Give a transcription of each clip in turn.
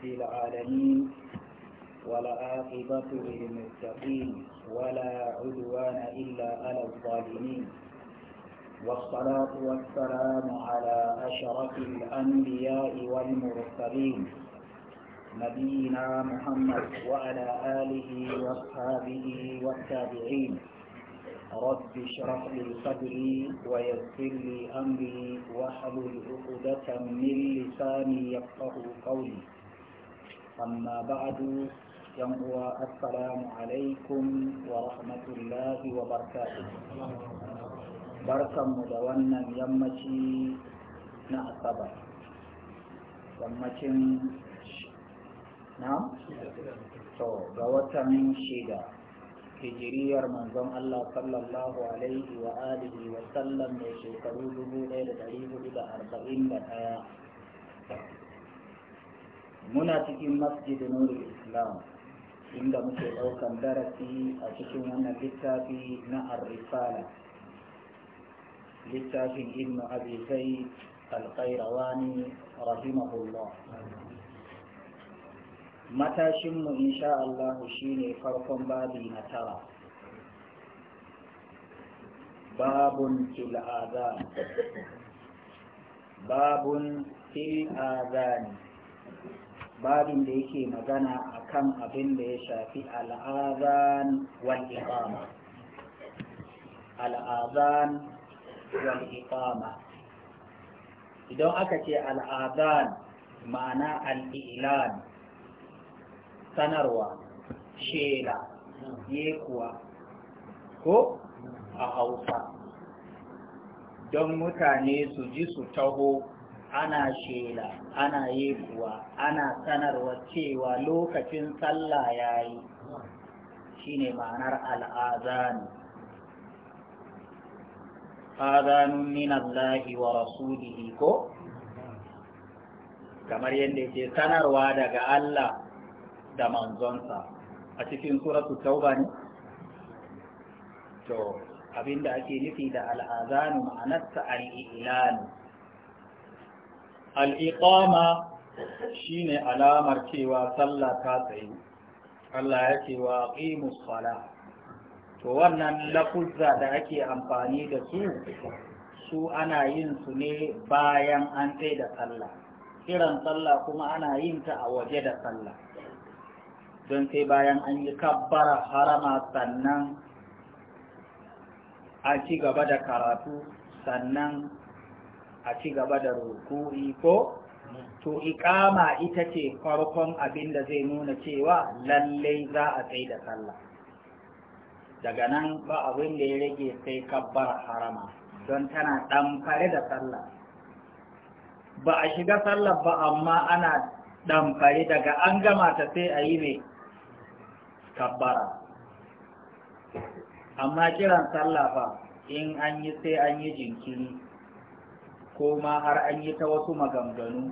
رب العالمين والعاقبة للمتقين ولا عدوان إلا على الظالمين والصلاة والسلام على أشرف الأنبياء والمرسلين نبينا محمد وعلى آله وأصحابه والتابعين رب اشرح لي صدري ويسر لي أمري واحلل عقدة من لساني يفقه قولي أما بعد ينقوى السلام عليكم ورحمة الله وبركاته بركة مدونة يمشي نعتبى yammacin na? to ga watan shida hijiriyar manzon Allah sallallahu alaihi wa alihi wa sallam mai shekaru 1441 muna cikin masjid nurul islam inda muke ɗaukan darasi a cikin wannan littafi na ar littafin ibn abi zaid al-qayrawani rahimahullah matashinmu insha Allah shine farkon babi na tara babun fil azan babun fil azani babin da yake magana a kan abin da ya shafi al'adhan wal iqama al'adhan wal iqama idan aka ce al'adhan ma'ana al'ilan sanarwa shela yekuwa ko a hausa don mutane su ji su taho ana shela ana yebuwa ana sanarwa cewa lokacin sallah ya yi shine ma'anar al'azani azanun min Allahi wa rasulihi ko kamar yadda ke sanarwa daga Allah da manzonsa a cikin suratul tauba ne to abinda ake nufi da al'azanu ma'anarsa al'ilanu al'iƙama shi ne alamar cewa sallah ta tsaye Allah ya ce wa ƙimus sala to wannan lafuzza da ake amfani da su su ana yin su ne bayan an tsaye da sallah kiran sallah kuma ana yin ta a waje da sallah don sai bayan an yi kabbara harama sannan a ci gaba da karatu sannan a ci gaba da ruku'i ko to ikama ita ce farkon abin da zai nuna cewa lallai za a tsaye da sallah daga nan ba abin da ya rage sai kabbar harama don tana ɗamfare da sallah ba a shiga sallah ba amma ana ɗamfare daga an gama ta sai a yi mai kabbara amma kiran sallah ba in an yi sai an yi jinkiri ko ma har an yi ta wasu maganganu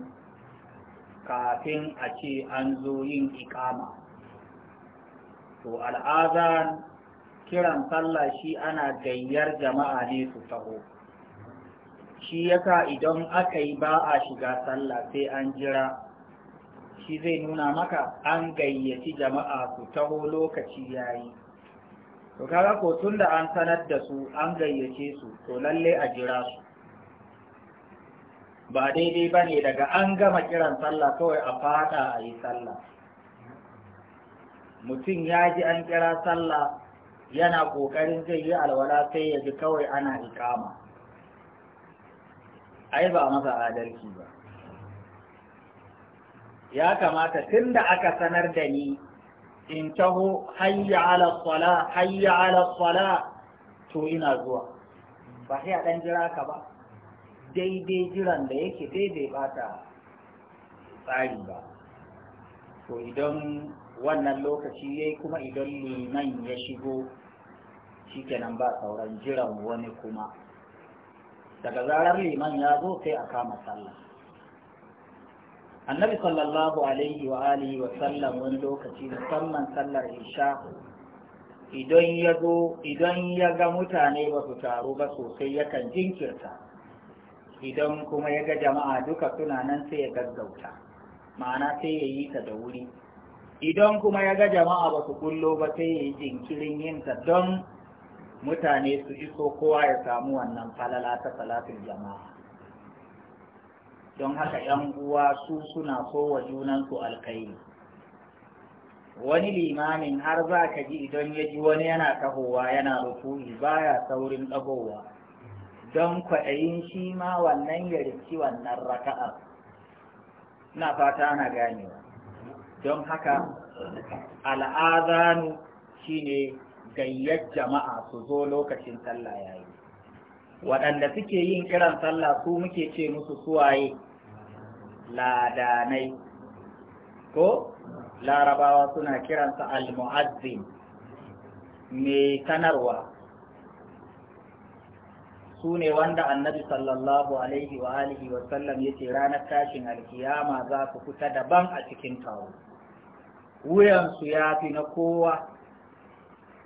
kafin a ce an zo yin ikama to al'azan kiran sallah shi ana gayyar jama'a ne su taho shi yaka idan aka yi ba a shiga sallah sai an jira shi zai nuna maka an gayyaci jama'a su taho lokaci yayi to kaga ko tun da an sanar da su an gayyace su to lalle a jira su ba daidai ba ne daga an gama kiran sallah kawai a fada a yi sallah mutum ya ji an kira sallah yana ƙoƙarin zai yi alwala sai ya ji kawai ana ikama ai ba masa adalci ba ya kamata tun da aka sanar da ni in taho hayya ala sala hayya ala sala to ina zuwa ba sai a ɗan jira ka ba daidai jiran da yake daidai bata tsari ba to idan wannan lokaci yayi kuma idan liman ya shigo shikenan ba sauran jiran wani kuma daga zarar liman ya zo sai a kama sallah annabi sallallahu alaihi wa alihi wa sallam wani lokaci musamman sallar isha idan ya zo idan ya ga mutane ba su taru ba sosai yakan jinkirta idan kuma ya ga jama'a duka suna nan sai ya gaggauta ma'ana sai ya yi ta da wuri idan kuma ya ga jama'a ba su kullo ba sai ya yi jinkirin yin ta don mutane su iso kowa ya samu wannan falala ta salatin jama'a don haka ‘yan uwa su suna so kowa junansu alkairi wani limamin har za ka ji idan ya ji wani yana tahowa yana rufuhi baya saurin ɗagowa don kwaɗayin shi ma wannan ya rikci wannan raka'ar, na fata ana ganewa don haka shi ne gayyar jama'a su zo lokacin sallah ya yi. waɗanda suke yin kiran sallah su muke ce musu suwaye ladanai ko larabawa suna kiransa al-mu'azzin mai sanarwa su ne wanda annabi sallallahu alaihi wa alihi wa sallam yace ranar tashin alkiyama za ku fita daban a cikin tawo wuyansu ya fi na kowa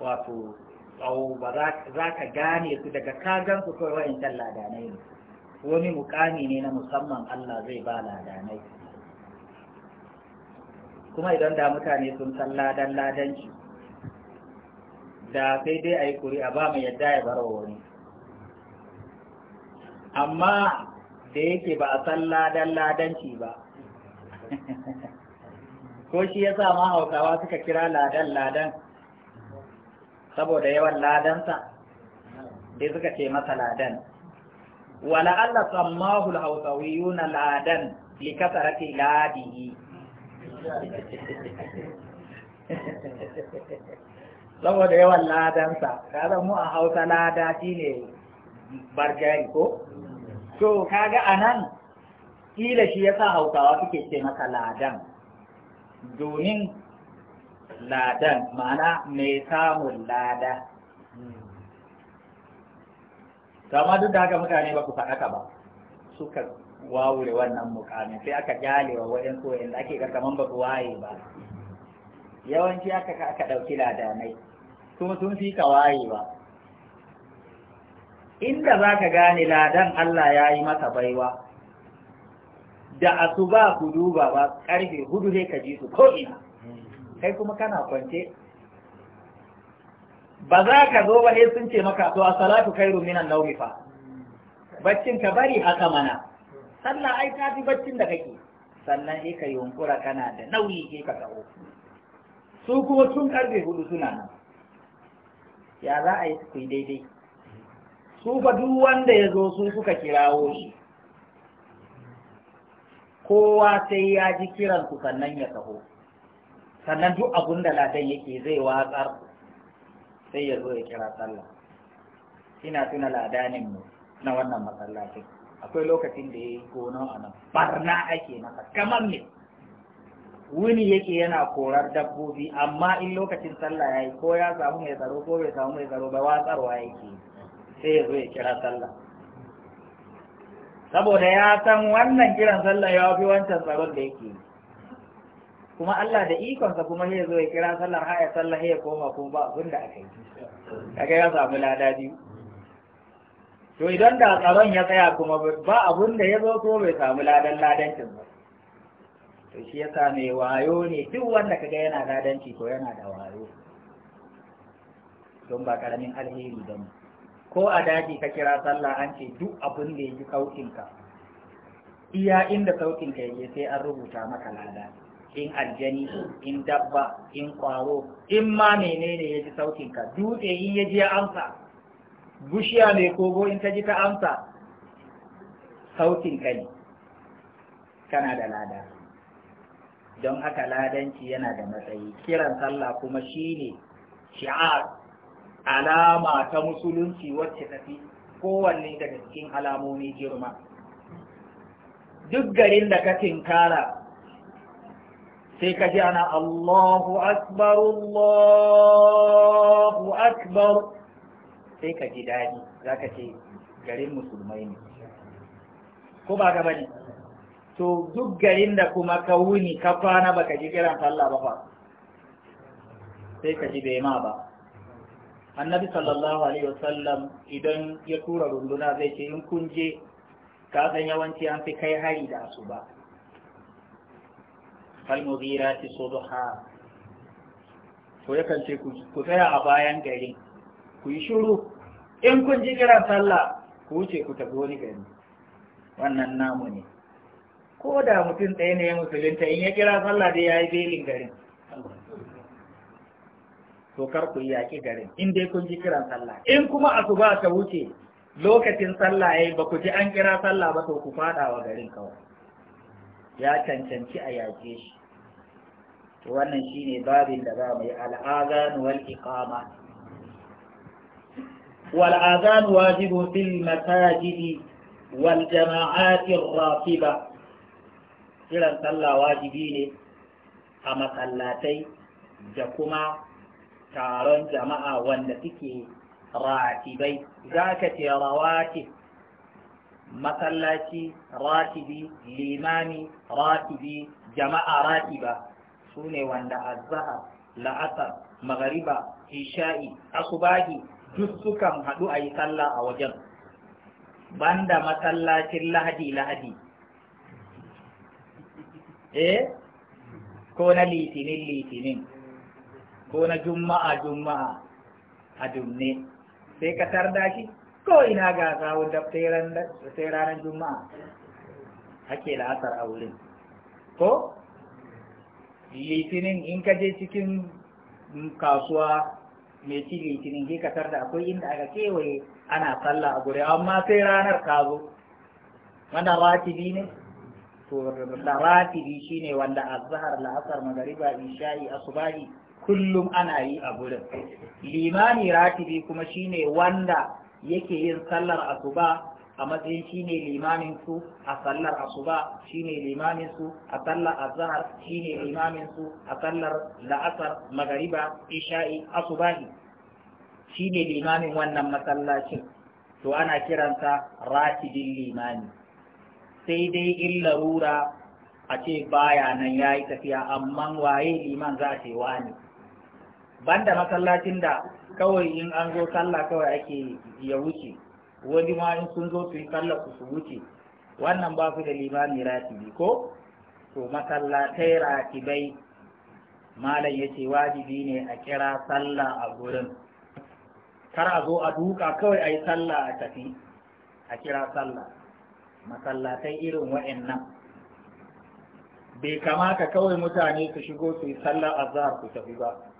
wato tsawo ba za ka gane su daga kagan su kawai wa'incan ladanai ne wani mukami ne na musamman Allah zai ba ladanai kuma idan da mutane sun san ladan ladanci da sai dai ayi yi ba mai yadda ya barawa wani amma da yake ba a san ladan ladanci ba ko shi ya sa ma hausawa suka kira ladan ladan saboda yawan ladansa dai suka ce masa ladan wala Allah sammahu al-hausawiyuna ladan li kasarati ladihi saboda yawan ladansa kaga mu a hausa lada shine barjari ko to kaga anan kila shi yasa hausawa suke ce maka ladan domin ladan mana mai samun lada kama duk da haka mutane ba ku faɗaka ba suka wawure wannan mukamin sai aka jalewa wa wajen koyon da ake kaman ba waye ba yawanci aka ka ɗauki ladanai kuma sun fi ka waye ba inda za ka gane ladan Allah ya yi mata baiwa da a su ba ku duba ba karfe hudu ne ka ji su ko'ina kai kuma kana kwance ba za ka zo ba ne sun ce maka to a salatu kai minan nauyi fa baccin ka bari haka mana sallah ai ta fi baccin da kake sannan sai ka yunkura kana da nauyi ke ka gawo su kuma tun karfe hudu suna nan ya za a yi su daidai su duk wanda ya zo su suka kirawo shi kowa sai ya ji kiran su sannan ya taho sannan duk abun da ladan yake zai watsar sai ya zo ya kira sallah ina tuna ladanin mu na wannan masallacin akwai lokacin da ya yi gonon a nan barna ake masa kamar ne wuni yake yana korar dabbobi amma in lokacin sallah ya yi ko ya samu mai tsaro ko bai samu mai tsaro ba watsarwa yake yi sai ya zo ya kira sallah saboda ya san wannan kiran sallah ya fi wancan tsaron da yake kuma Allah da ikonsa kuma sai ya zo ya kira sallar haya sallah ya koma kuma ba abin da aka yi kaga ya samu lada biyu to idan da tsaron ya tsaya kuma ba abin da ya zo ko bai samu ladan ladancin ba to shi ya sa mai wayo ne duk wanda kaga yana ladanci ko yana da wayo don ba karamin alheri ba ne ko a daji ka kira sallah an ce duk abin da ya ji sautinka iya inda sautinka yake sai an rubuta maka lada in aljani in dabba in kwaro in ma menene ya ji sautinka dutse in ya ji ya amsa bushiya mai kogo in ta ji ta amsa sautinka ne kana da lada don haka ladanci yana da matsayi kiran sallah kuma shine shi'ar alama ta musulunci wacce tafi kowanne daga cikin alamomi girma duk garin da ka tinkara sai ka ji ana Allahu akbar Allahu akbar sai ka ji daɗi za ka ce garin musulmai ne ko ba gaba ne to duk garin da kuma ka wuni ka kwana baka ji kiran Allah ba fa sai ka ji bai ma ba annabi sallallahu alaihi wasallam idan ya tura runduna zai ce in kun je ka san yawanci an fi kai hari da asuba falmuzira ti subha to yakan ce ku tsaya a bayan gari ku yi shiru in kun ji kiran sallah ku wuce ku tafi wani gari wannan namu ne ko da mutum ɗaya ne ya musulunta in ya kira sallah dai ya yi belin garin to kar ku yaƙi garin in dai kun ji kiran sallah in kuma asuba ta wuce lokacin sallah yayi ba ku ji an kira sallah ba to ku fada wa garin kawai ya cancanci a yaƙe shi to wannan shine babin da za mu yi al'azan wal iqama wal azan wajibu fil masajid wal ar rafiba kiran sallah wajibi ne a masallatai da kuma taron jama'a wanda suke ratibai za ka ce rawatib masallaci ratibi limami ratibi jama'a ratiba su ne wanda azzaha la'asar magariba isha'i asubahi duk sukan haɗu a yi sallah a wajen banda masallacin lahadi lahadi eh ko na litinin litinin ko na juma'a juma'a a dumne sai ka tarda shi ko ina ga sawun da sai ranar juma'a ake la'asar a wurin ko litinin in ka je cikin kasuwa mai ci litinin ke kasar da akwai inda aka kewaye ana sallah a guri amma sai ranar ka zo wanda ratibi ne to da ratibi shine wanda azhar la'asar magariba isha'i asubahi kullum ana yi a gurin limani ratibi kuma shine wanda yake yin sallar asuba a matsayin shine limamin su a sallar asuba shine limamin su a sallar azhar shine limamin su a sallar la'asar magariba isha'i asubahi shine limamin wannan masallacin to ana kiransa ratibin limani sai dai in larura a ce baya nan ya yi tafiya amma waye liman za a ce wani banda masallacin da kawai in an zo sallah kawai ake ya wuce wani ma in sun zo su yi sallah su su wuce wannan ba su da limami ratibi ko to masallatai ratibai malam ya ce wajibi ne a kira sallah a gurin kar a zo a duka kawai a yi sallah a tafi a kira sallah masallatai irin wa'annan bai kamata kawai mutane su shigo su yi sallah azhar ku tafi ba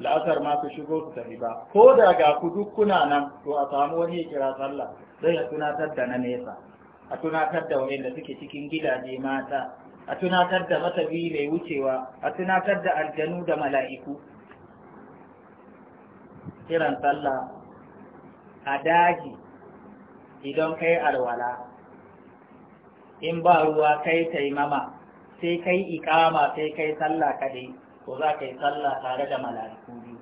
la'asar ma su shigo su tafi ba ko da ga ku duk kuna nan to a samu wani ya kira sallah Zai ya tunatar da na nesa a tunatar da wanda suke cikin gidaje mata a tunatar da matabi mai wucewa a tunatar da aljanu da mala'iku kiran sallah a daji idan kai alwala in ba ruwa kai taimama sai kai ikama sai kai sallah kadai ko za ka yi sallah tare da mala'iku biyu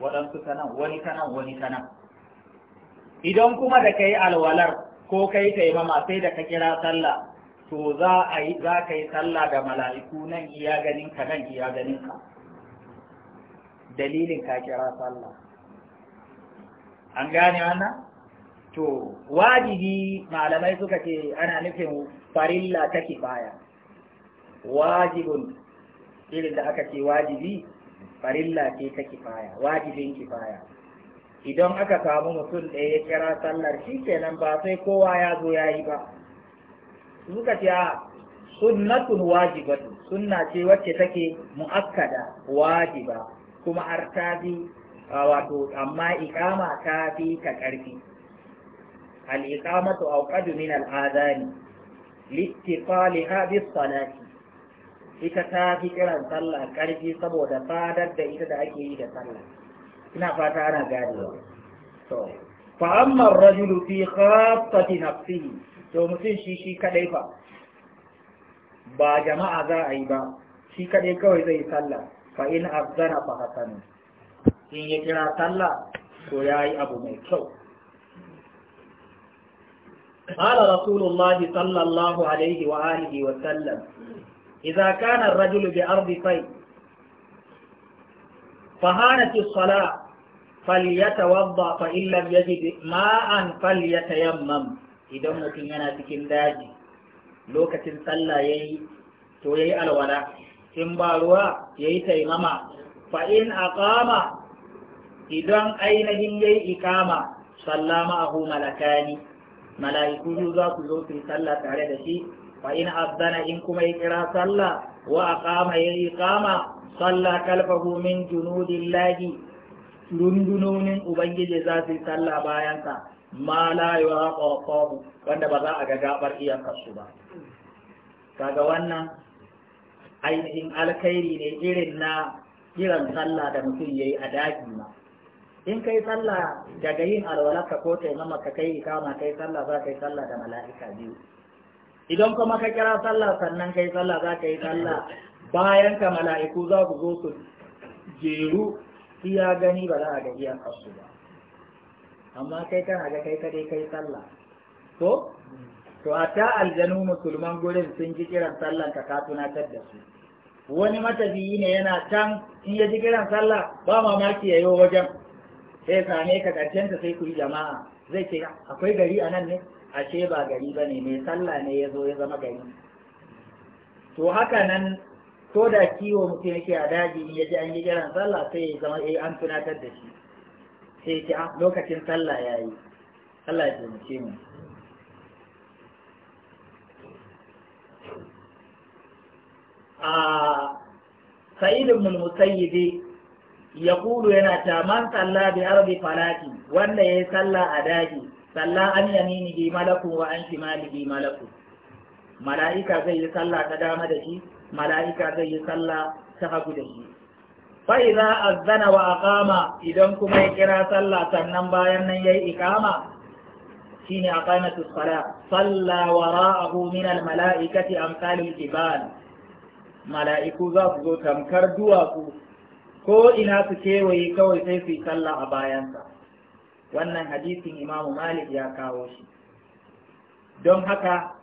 waɗansu ta nan wani ta nan wani ta nan idan kuma da ka yi alwalar ko ka yi taimama sai da ka kira sallah to za a yi za ka yi sallah da mala'iku nan iya ganin ka nan iya ganin ka dalilin ka kira sallah an gane wannan to wajibi malamai suka ce ana nufin farilla ta kifaya wajibun irin da aka ce wajibi farilla ce ta kifaya wajibin kifaya idan aka samu mutum ɗaya ya kira sallar shi kenan ba sai kowa ya zo ya yi ba suka ce a, ah, sunnatun wajibatu sunna ce wacce take mu'akkada wajiba kuma har ta bi wato amma ikama ta fi ta karfi al iqamatu awqadu min al adani li ittiqaliha bis salati ita ta fi kiran sallah karfi saboda fadar da ita da ake yi da sallah ina fata ana ganewa to fa amma ar-rajulu fi khaffati nafsihi to mutum shi shi kadai fa ba jama'a za a yi ba shi kadai kawai zai sallah fa in azana fa hasan in ya kira sallah to yayi abu mai kyau قال رسول الله صلى الله عليه وآله وسلم إذا كان الرجل بأرض طي فهانت الصلاة فليتوضأ فإن لم يجد ماء فليتيمم إذا ممكن ينا cikin daji lokacin sallah yayi to yayi alwala in ba ruwa yayi taimama fa in aqama idan ainihin yayi iqama sallama ahu malakani mala'iku za ku zo sallah tare da shi fa in azzana in kuma ya kira sallah wa aqama ya iqama salla kalfahu min junudillahi dundunonin ubangiji za su yi sallah bayansa ma la yuqaqabu wanda ba za a ga gabar iyakar su ba kaga wannan ainihin alkhairi ne irin na kiran sallah da mutum yayi a daji ma in kai sallah daga yin alwalaka ko taimama ka kai ikama kai sallah za ka yi sallah da mala'ika biyu idan kuma ka kira sallah sannan kai sallah za ka yi sallah bayan ka mala'iku za ku zo su jeru iya gani ba za a ga iya kasu ba amma kai kana ga kai kadai kai sallah to to a ta aljanu musulman gurin sun ji kiran Sallah ka ka tunatar da su wani matafiyi ne yana can in ya ji kiran sallah ba mamaki ya yi wajen sai same ka karshen sai ku yi jama'a zai ce akwai gari a nan ne ashe ba gari ba ne mai sallah ne ya zo ya zama gari to haka nan ko da kiwo mutum yake a daji ya ji an yi kiran sallah sai ya zama eh an tunatar da shi sai ya ce ah, lokacin sallah ya yi sallah ya taimake mu a sa'id ibn musayyib ya yana ta man salla bi ardi falati wanda yayi sallah a daji salla an bi malakun wa an bi malakun mala'ika zai yi sallah ta dama da shi mala'ika zai yi sallah ta hagu da shi fa idza azzana wa aqama idan kuma ya kira sallah sannan bayan nan yayi iqama shine aqamatu salat salla wara'ahu min al mala'ikati amsal al jibal mala'iku za su zo tamkar duwatsu ko ina su kewaye kawai sai su yi sallah a bayansa wannan hadisin imamu malik ya kawo shi don haka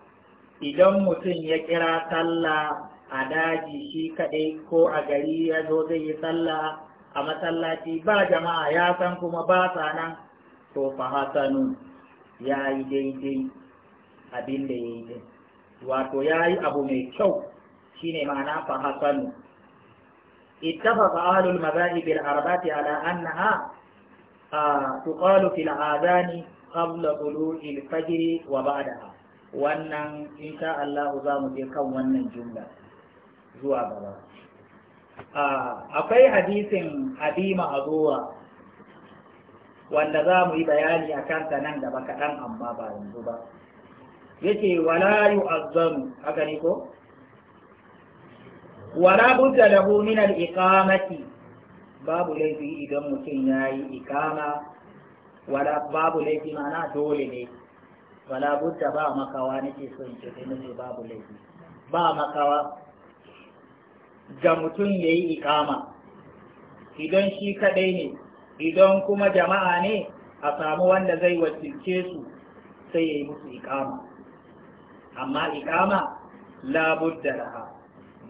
idan mutum ya kira sallah a daji shi kaɗai ko a gari ya zo zai yi sallah a masallaci ba jama'a ya san kuma ba sa nan to fa ya yi daidai abin da ya yi din wato ya yi abu mai kyau shine ma'ana fa hasanu ittafaqa ahlul mazahibil al arba'ati ala annaha tuqalu fil adani qabla tulu'i fajri wa ba'daha wannan insha Allah za mu je kan wannan jumla zuwa gaba akwai hadisin abi ma'azura wanda za mu yi bayani a kansa nan gaba kaɗan amma ba yanzu ba yace wala yu'azzamu haka ne ko wala budda lahu min al-iqamati babu laifi idan mutum ya yi ikama wala babu laifi mana dole ne wala budda ba makawa nake son ce sai nace babu laifi ba makawa ga mutum ya yi ikama idan shi kaɗai ne idan kuma jama'a ne a samu wanda zai wakilce su sai ya yi musu ikama amma ikama labudda laha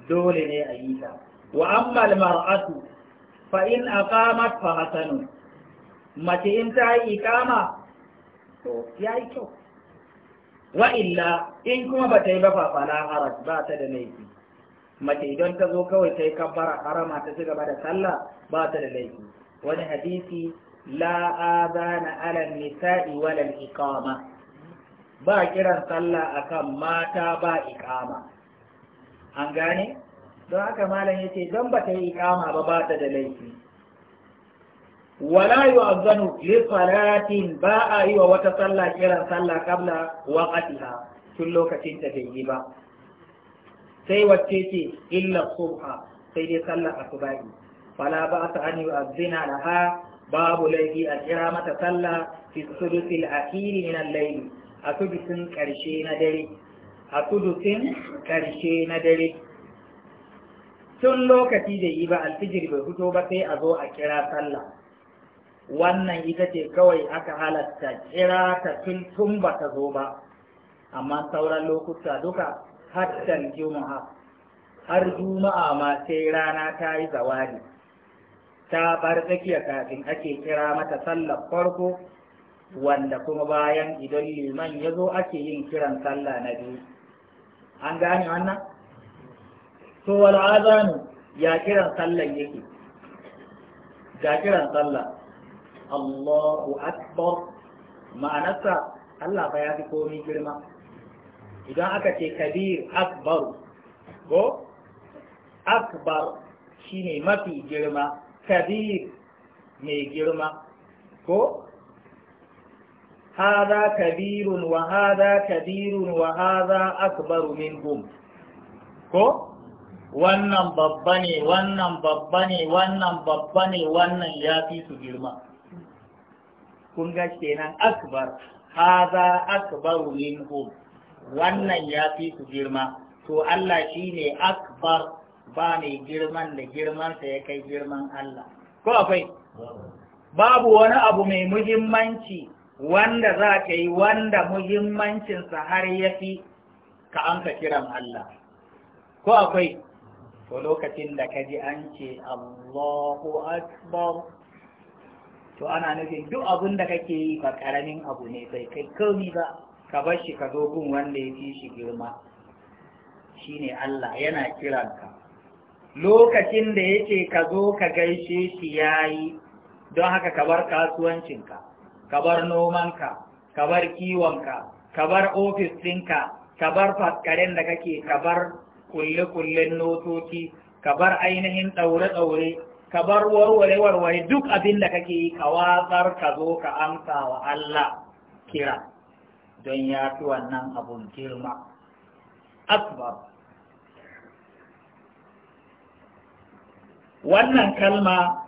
dole ne a yi ta wa amma al mar'atu fa in aqamat fa hasanu mace in ta yi ikama to ya yi kyau wa illa in kuma ba ta yi ba fa fala haraj ba ta da laifi mace idan ta zo kawai ta yi kabbara harama ta ci da sallah ba ta da laifi wani hadisi la azana ala nisa'i wala iqama ba kiran sallah akan mata ba iqama an gane don haka malam yace don ba ta yi ikama ba ba ta da laifi wala yu'azzanu li salatin ba a yi wa wata sallah kiran sallah qabla waqtiha tun lokacin ta bai yi ba sai wacce ce illa subha sai dai sallah asubahi fala ba ta an yu'azzina laha babu laifi a kira mata sallah fi sudusil akhiri min al-layl a sudusin karshe na dare a sudusin karshe na dare tun lokaci da yi ba alfijiri bai fito ba sai a zo a kira sallah wannan ita ce kawai aka halatta kira ta tun tun ba ta zo ba amma sauran lokuta duka hattan juma'a har juma'a ma sai rana ta yi zawari ta bar tsakiya kafin ake kira mata sallah farko wanda kuma bayan idan liman ya zo ake yin kiran sallah na biyu an gane wannan to wal azanu ya kiran sallan yake ga kiran sallah Allahu akbar ma'anarsa Allah fa ya fi komai girma idan aka ce kabir akbar ko akbar shine mafi girma kabir mai girma ko haza kabirun wa haza kabirun wa hada akbaru gum, ko wannan babba ne wannan babba ne wannan babba ne wannan ya fi su girma kun ga kenan akbar haza akbaru minhum wannan ya fi su girma to Allah shine akbar ba mai girman da girmansa ya kai girman Allah ko akwai babu wani abu mai muhimmanci wanda za ka yi wanda muhimmancinsa har ya fi ka amsa kiran Allah ko akwai to lokacin da ka ji an ce Allahu Akbar to ana nufin duk abin da kake yi ba karamin abu ne bai kai komi ba ka bar shi ka zo wanda ya fi shi girma shine Allah yana kiranka lokacin da yake ka zo ka gaishe shi yayi don haka ka bar kasuwancinka ka bar nomanka ka bar kiwonka ka bar ofis ɗinka ka bar faskaren da kake ka bar kulle-kullen notoci ka bar ainihin ɗaure-ɗaure ka bar warware-warware duk abin da kake yi ka watsar ka zo ka amsa wa Allah kira don ya fi wannan abun girma akbar wannan kalma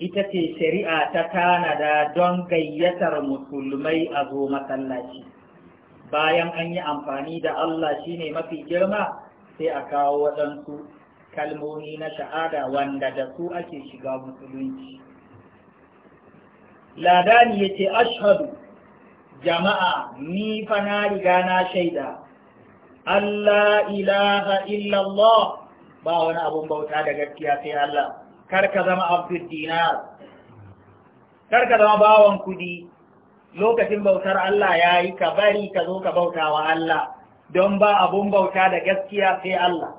ita ce shari'a ta tanada don gayyatar musulmai a zo masallaci bayan an yi amfani da Allah shi ne mafi girma sai a kawo waɗansu kalmomi na sha'ada wanda da su ake shiga musulunci ladani ya ce ashadu jama'a ni fa na riga na shaida Allah ilaha illallah ba wani abun bauta da gaskiya sai Allah kar ka zama abdul dinar kar ka zama bawan kudi lokacin bautar Allah ya yi ka bari ka zo ka bauta wa Allah don ba abun bauta da gaskiya sai Allah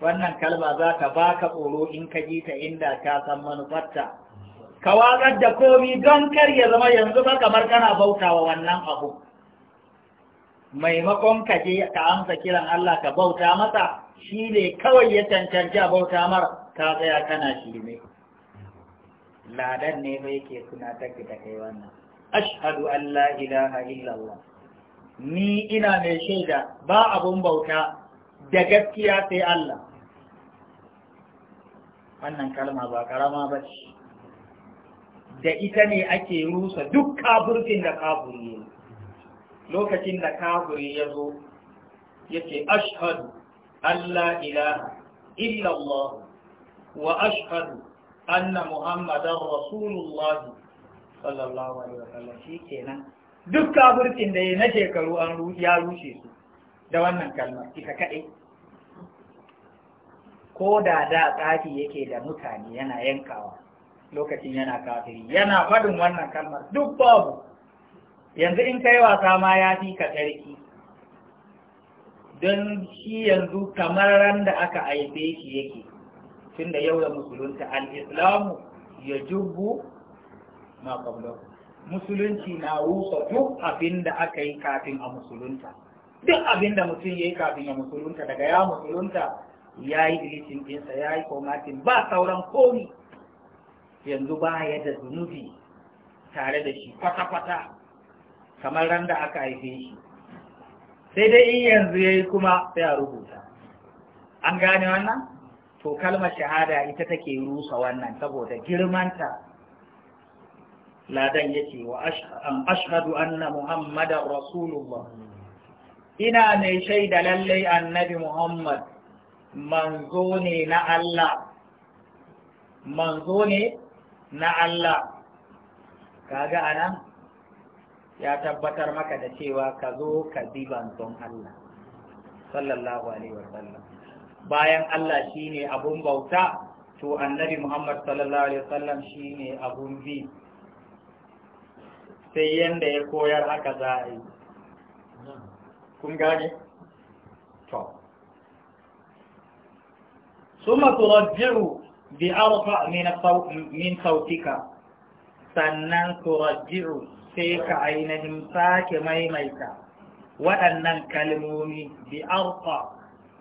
wannan kalma za ka ba ka tsoro in ka ji ta inda ka san manufarta ka watsar da komi don kar ya zama yanzu ba kamar kana bautawa wannan abu maimakon ka je ka amsa kiran Allah ka bauta masa shi ne kawai ya cancanci a bauta mara ka tsaya kana shi ne ladan ne mai ke suna ta da kai wannan ashhadu an la ilaha illallah ni ina mai shaida ba abun bauta da gaskiya sai Allah wannan kalma ba karama ba ce da ita ne ake rusa duk kafurfin da kafuri ya lokacin da kafuri ya zo ya ce ashadu Allah ilaha Allah wa ashadu anna muhammadan rasulullah sallallahu alaihi wa sallam shi kenan duk kafircin da ya na shekaru an ya rushe su da wannan kalmar ita kaɗai ko da da tsafi yake da mutane yana yankawa lokacin yana kafiri yana faɗin wannan kalmar duk babu yanzu in kai wasa ma ya fi ka tsarki don shi yanzu kamar ran da aka aife shi yake tun da yau da musulunta al-islamu ya jubu ma qablahu musulunci na rusa duk abin da aka yi kafin a musulunta duk abin da mutum ya yi kafin a musulunta daga ya musulunta ya yi ilicin ɗinsa ya yi komatin ba sauran komi yanzu ba ya da zunubi tare da shi kwata-kwata kamar ran da aka haife shi sai dai in yanzu ya yi kuma sai a rubuta an gane wannan to kalmar shahada ita take rusa wannan saboda girmanta ladan yake wa ashhadu anna muhammadar rasulullah ina ne shaida lallai annabi muhammad manzo ne na Allah manzo ne na Allah kaga anan ya tabbatar maka da cewa ka zo ka bi banzon Allah sallallahu alaihi wasallam bayan Allah shine abun bauta to annabi Muhammad sallallahu alaihi wasallam shine abun bi sai yanda ya koyar haka za a yi kun gane? to suma rajiru bi arfa min sautika sannan rajiru sai ka ainihin sake maimaita waɗannan kalmomi bi arfa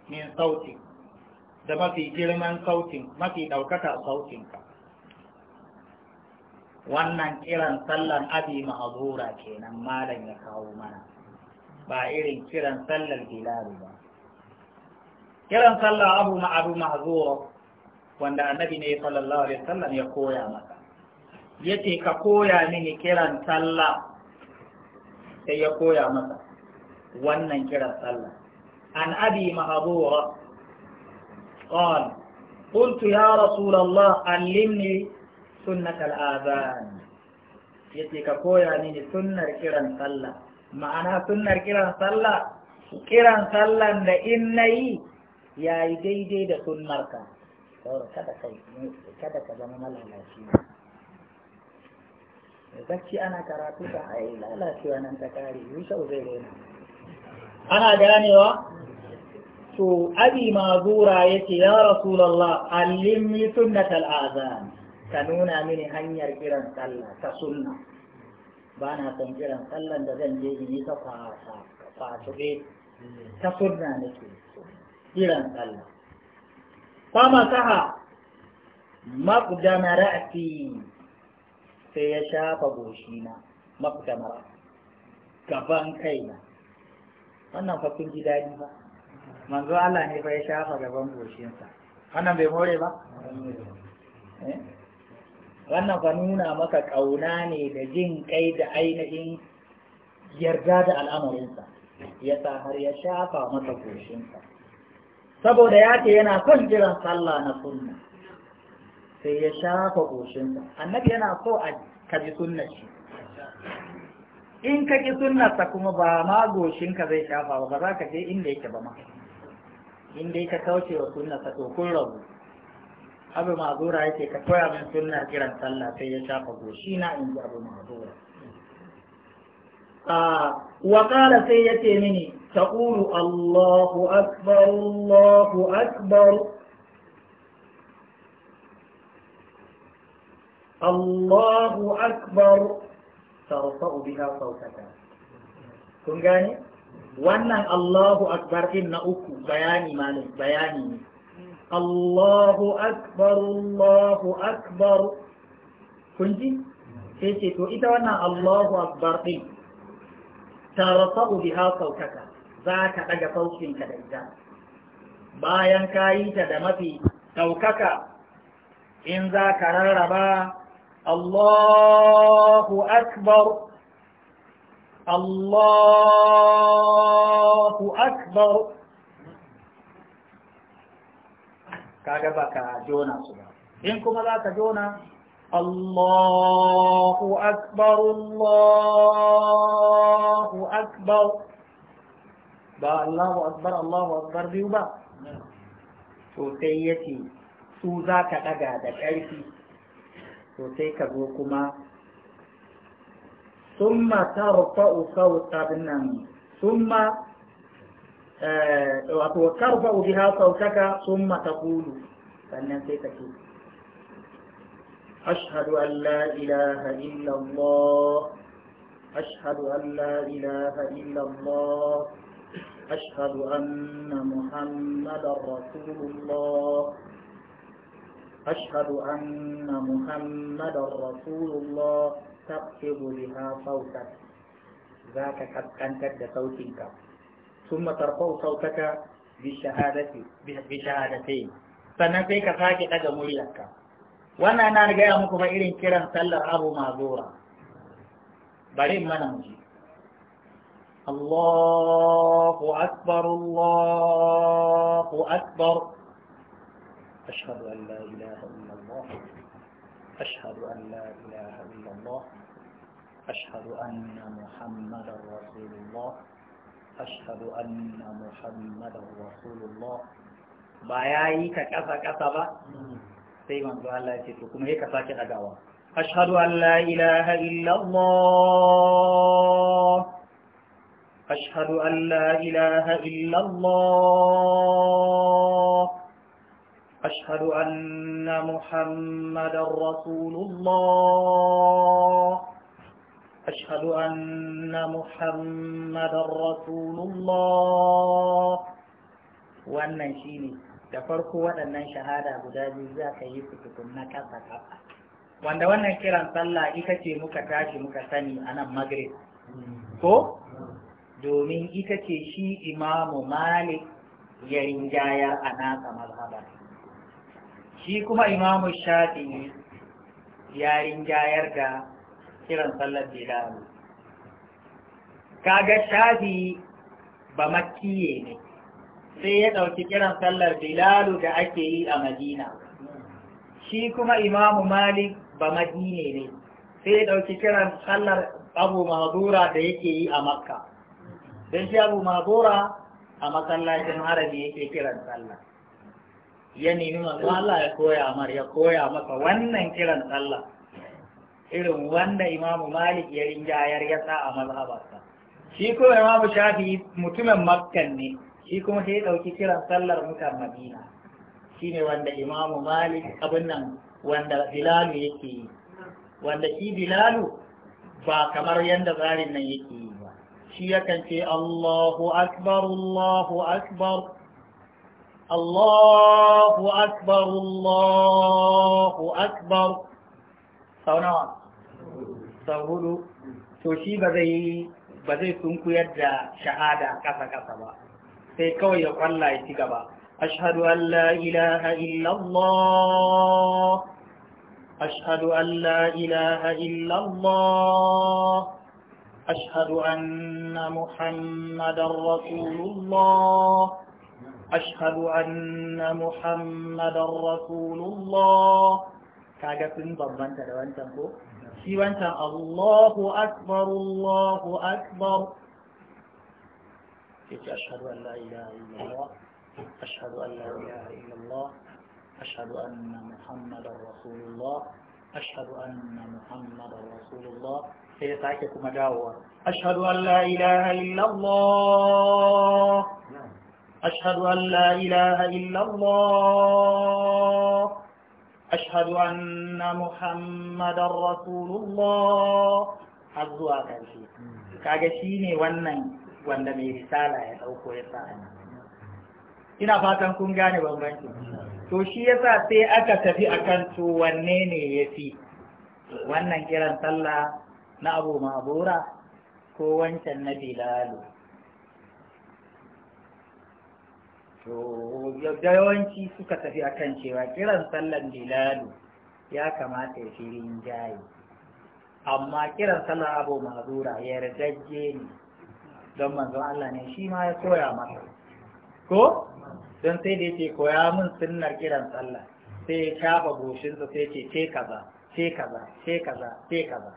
min sautika da mafi girman sautin mafi ɗaukaka sautinka wannan kiran sallar abi ma'azura kenan malam ya kawo mana ba irin kiran sallar bilal ba kiran sallar abu ma'abu ma'azura wanda annabi ne sallallahu alaihi wasallam ya koya masa yace ka koya mini kiran sallah sai ya koya masa wannan kiran sallah an abi ma'azura قال قلت يا رسول الله علمني sunnatal azan yace ka koya mini sunnar kiran sallah ma'ana sunnar kiran sallah kiran sallan da in nayi yayi daidai da sunnarka saboda kada kai kada ka zama malalaci bacci ana karatu ka ai lalacewa nan ta kare yusa zai rena ana ganewa to abi mazura yace ya rasulullah allimni sunnatal azan ka nuna mini hanyar kiran sallah ta sunna ba na son kiran sallan da zan je yi ta fasube ta sunna ke, kiran sallah fama saha maqdama ra'afi sai ya shafa goshina maqdama gaban kaina wannan fafin kun ji daɗi ba manzo Allah ne fa ya shafa gaban goshinsa wannan bai more ba eh? wannan fa nuna maka ƙauna ne da jin kai da ainihin yarda da al'amarinsa ya sa har ya shafa masa goshinsa saboda ya ce yana son jiran sallah na sunna sai ya shafa goshinsa annabi yana so a kaji sunna shi in ka ki sunnarsa kuma ba ma goshinka zai shafa ba ba za ka je inda yake ba ma inda yake kaucewa wa sunnarsa to kun rabu abu mazura yake ka koya min sunna kiran sallah sai ya shafa goshi na in ji abu mazura ah, wa kala sai ya ce mini taqulu Allahu akbar Allahu akbar Allahu akbar tarfa'u biha sawtaka kun gane wannan Allahu akbar din na uku bayani malam bayani ne Allahu akbar Allahu akbar kun sai ce to ita wannan Allahu akbar din tarfa'u ha sautaka za ka daga saukin ka da ita bayan ka yi ta da mafi ɗaukaka in za ka rarraba Allahu akbar Allahu akbar kaga baka jona su ba in kuma za ka jona Allahu akbar Allahu akbar ba Allahu akbar Allahu akbar biyu ba to sai yace su za ka daga da ƙarfi to sai ka zo kuma summa tarfa'u sautan nan summa wato karfa biha sautaka summa taqulu sannan sai ka ce ashhadu an la ilaha illa allah ashhadu an la ilaha illa allah ashhadu anna muhammadar rasulullah أشهد أن محمدا رسول الله تخفض بها صوتك ذاك قد أنت صوتك ثم ترفع صوتك بشهادتي بشهادتين فنان كيف فاكي قد أمولي لك وانا أنا أرجع مكفا إلين كيران سلع أبو مازورا بارين من أمجي الله أكبر الله أكبر أشهد أن لا إله إلا الله أشهد أن لا إله إلا الله أشهد أن محمدا رسول الله أشهد أن محمدا رسول الله بايعي كأسا كأسا با سيما الله يتكم هيك ساكي أدعوه أشهد أن لا إله إلا الله أشهد أن لا إله إلا الله أشهد أن محمد رسول الله أشهد أن محمد رسول الله wannan shi ne da farko waɗannan shahada guda biyu za ka yi su tukun na kasa wanda wannan kiran sallah ita ce muka tashi muka sani a nan magrib ko domin ita ce shi imamu malik ya a nasa mazhaba shi kuma imamu shafi'i ya rinjayar kiran sallar bilal kaga shafi ba makkiye ne sai ya dauki kiran sallar bilal da ake yi a madina shi kuma imamu malik ba madine ne sai ya dauki kiran sallar abu mahadura da yake yi a makka don shi abu mahadura a masallacin harabi yake kiran sallar ya nemi manzo Allah ya koya mar ya koya masa wannan kiran sallar irin wanda imamu malik ya rinjayar ya sa a mazhabarsa shi kuma imamu shafi mutumin makkan ne shi kuma sai ɗauki kiran sallar mutan madina shi ne wanda imamu malik abin nan wanda bilalu yake yi wanda shi bilalu ba kamar yadda tsarin nan yake yi ba shi yakan ce allahu akbar allahu akbar allahu akbar allahu akbar sau nawa sau hudu to shi ba zai ba zai sunkuyar da shahada kasa kasa ba sai kawai ya kwalla ya ci gaba ashhadu an la ilaha illallah ashhadu an la ilaha illallah أشهد أن محمدا رسول الله أشهد أن محمدا رسول الله كاجا سن بابان تدوان تنبو سيوانتا الله أكبر الله أكبر أشهد أن لا إله إلا الله أشهد أن لا إله إلا الله أشهد أن محمد رسول الله أشهد أن محمد رسول الله سيطاككم دعوة أشهد أن لا إله إلا الله نعم. أشهد أن لا إله إلا الله أشهد أن محمدا رسول الله har zuwa ƙarshe kaga shi ne wannan wanda mai risala ya ɗauko ya sa ina fatan kun gane bambanci to shi yasa sai aka tafi akan to wanne ne ya fi wannan kiran sallah na abu mabura ko wancan na bilali. to yawanci suka tafi akan cewa kiran sallan bilalu ya kamata ya fi rinjaye amma kiran sallar abu mazura ya yardajje ne don manzon Allah ne shi ma ya koya masa ko don sai da yake koya mun sunnar kiran sallah sai ya shafa goshinsa sai ce ce kaza ce kaza ce kaza ce kaza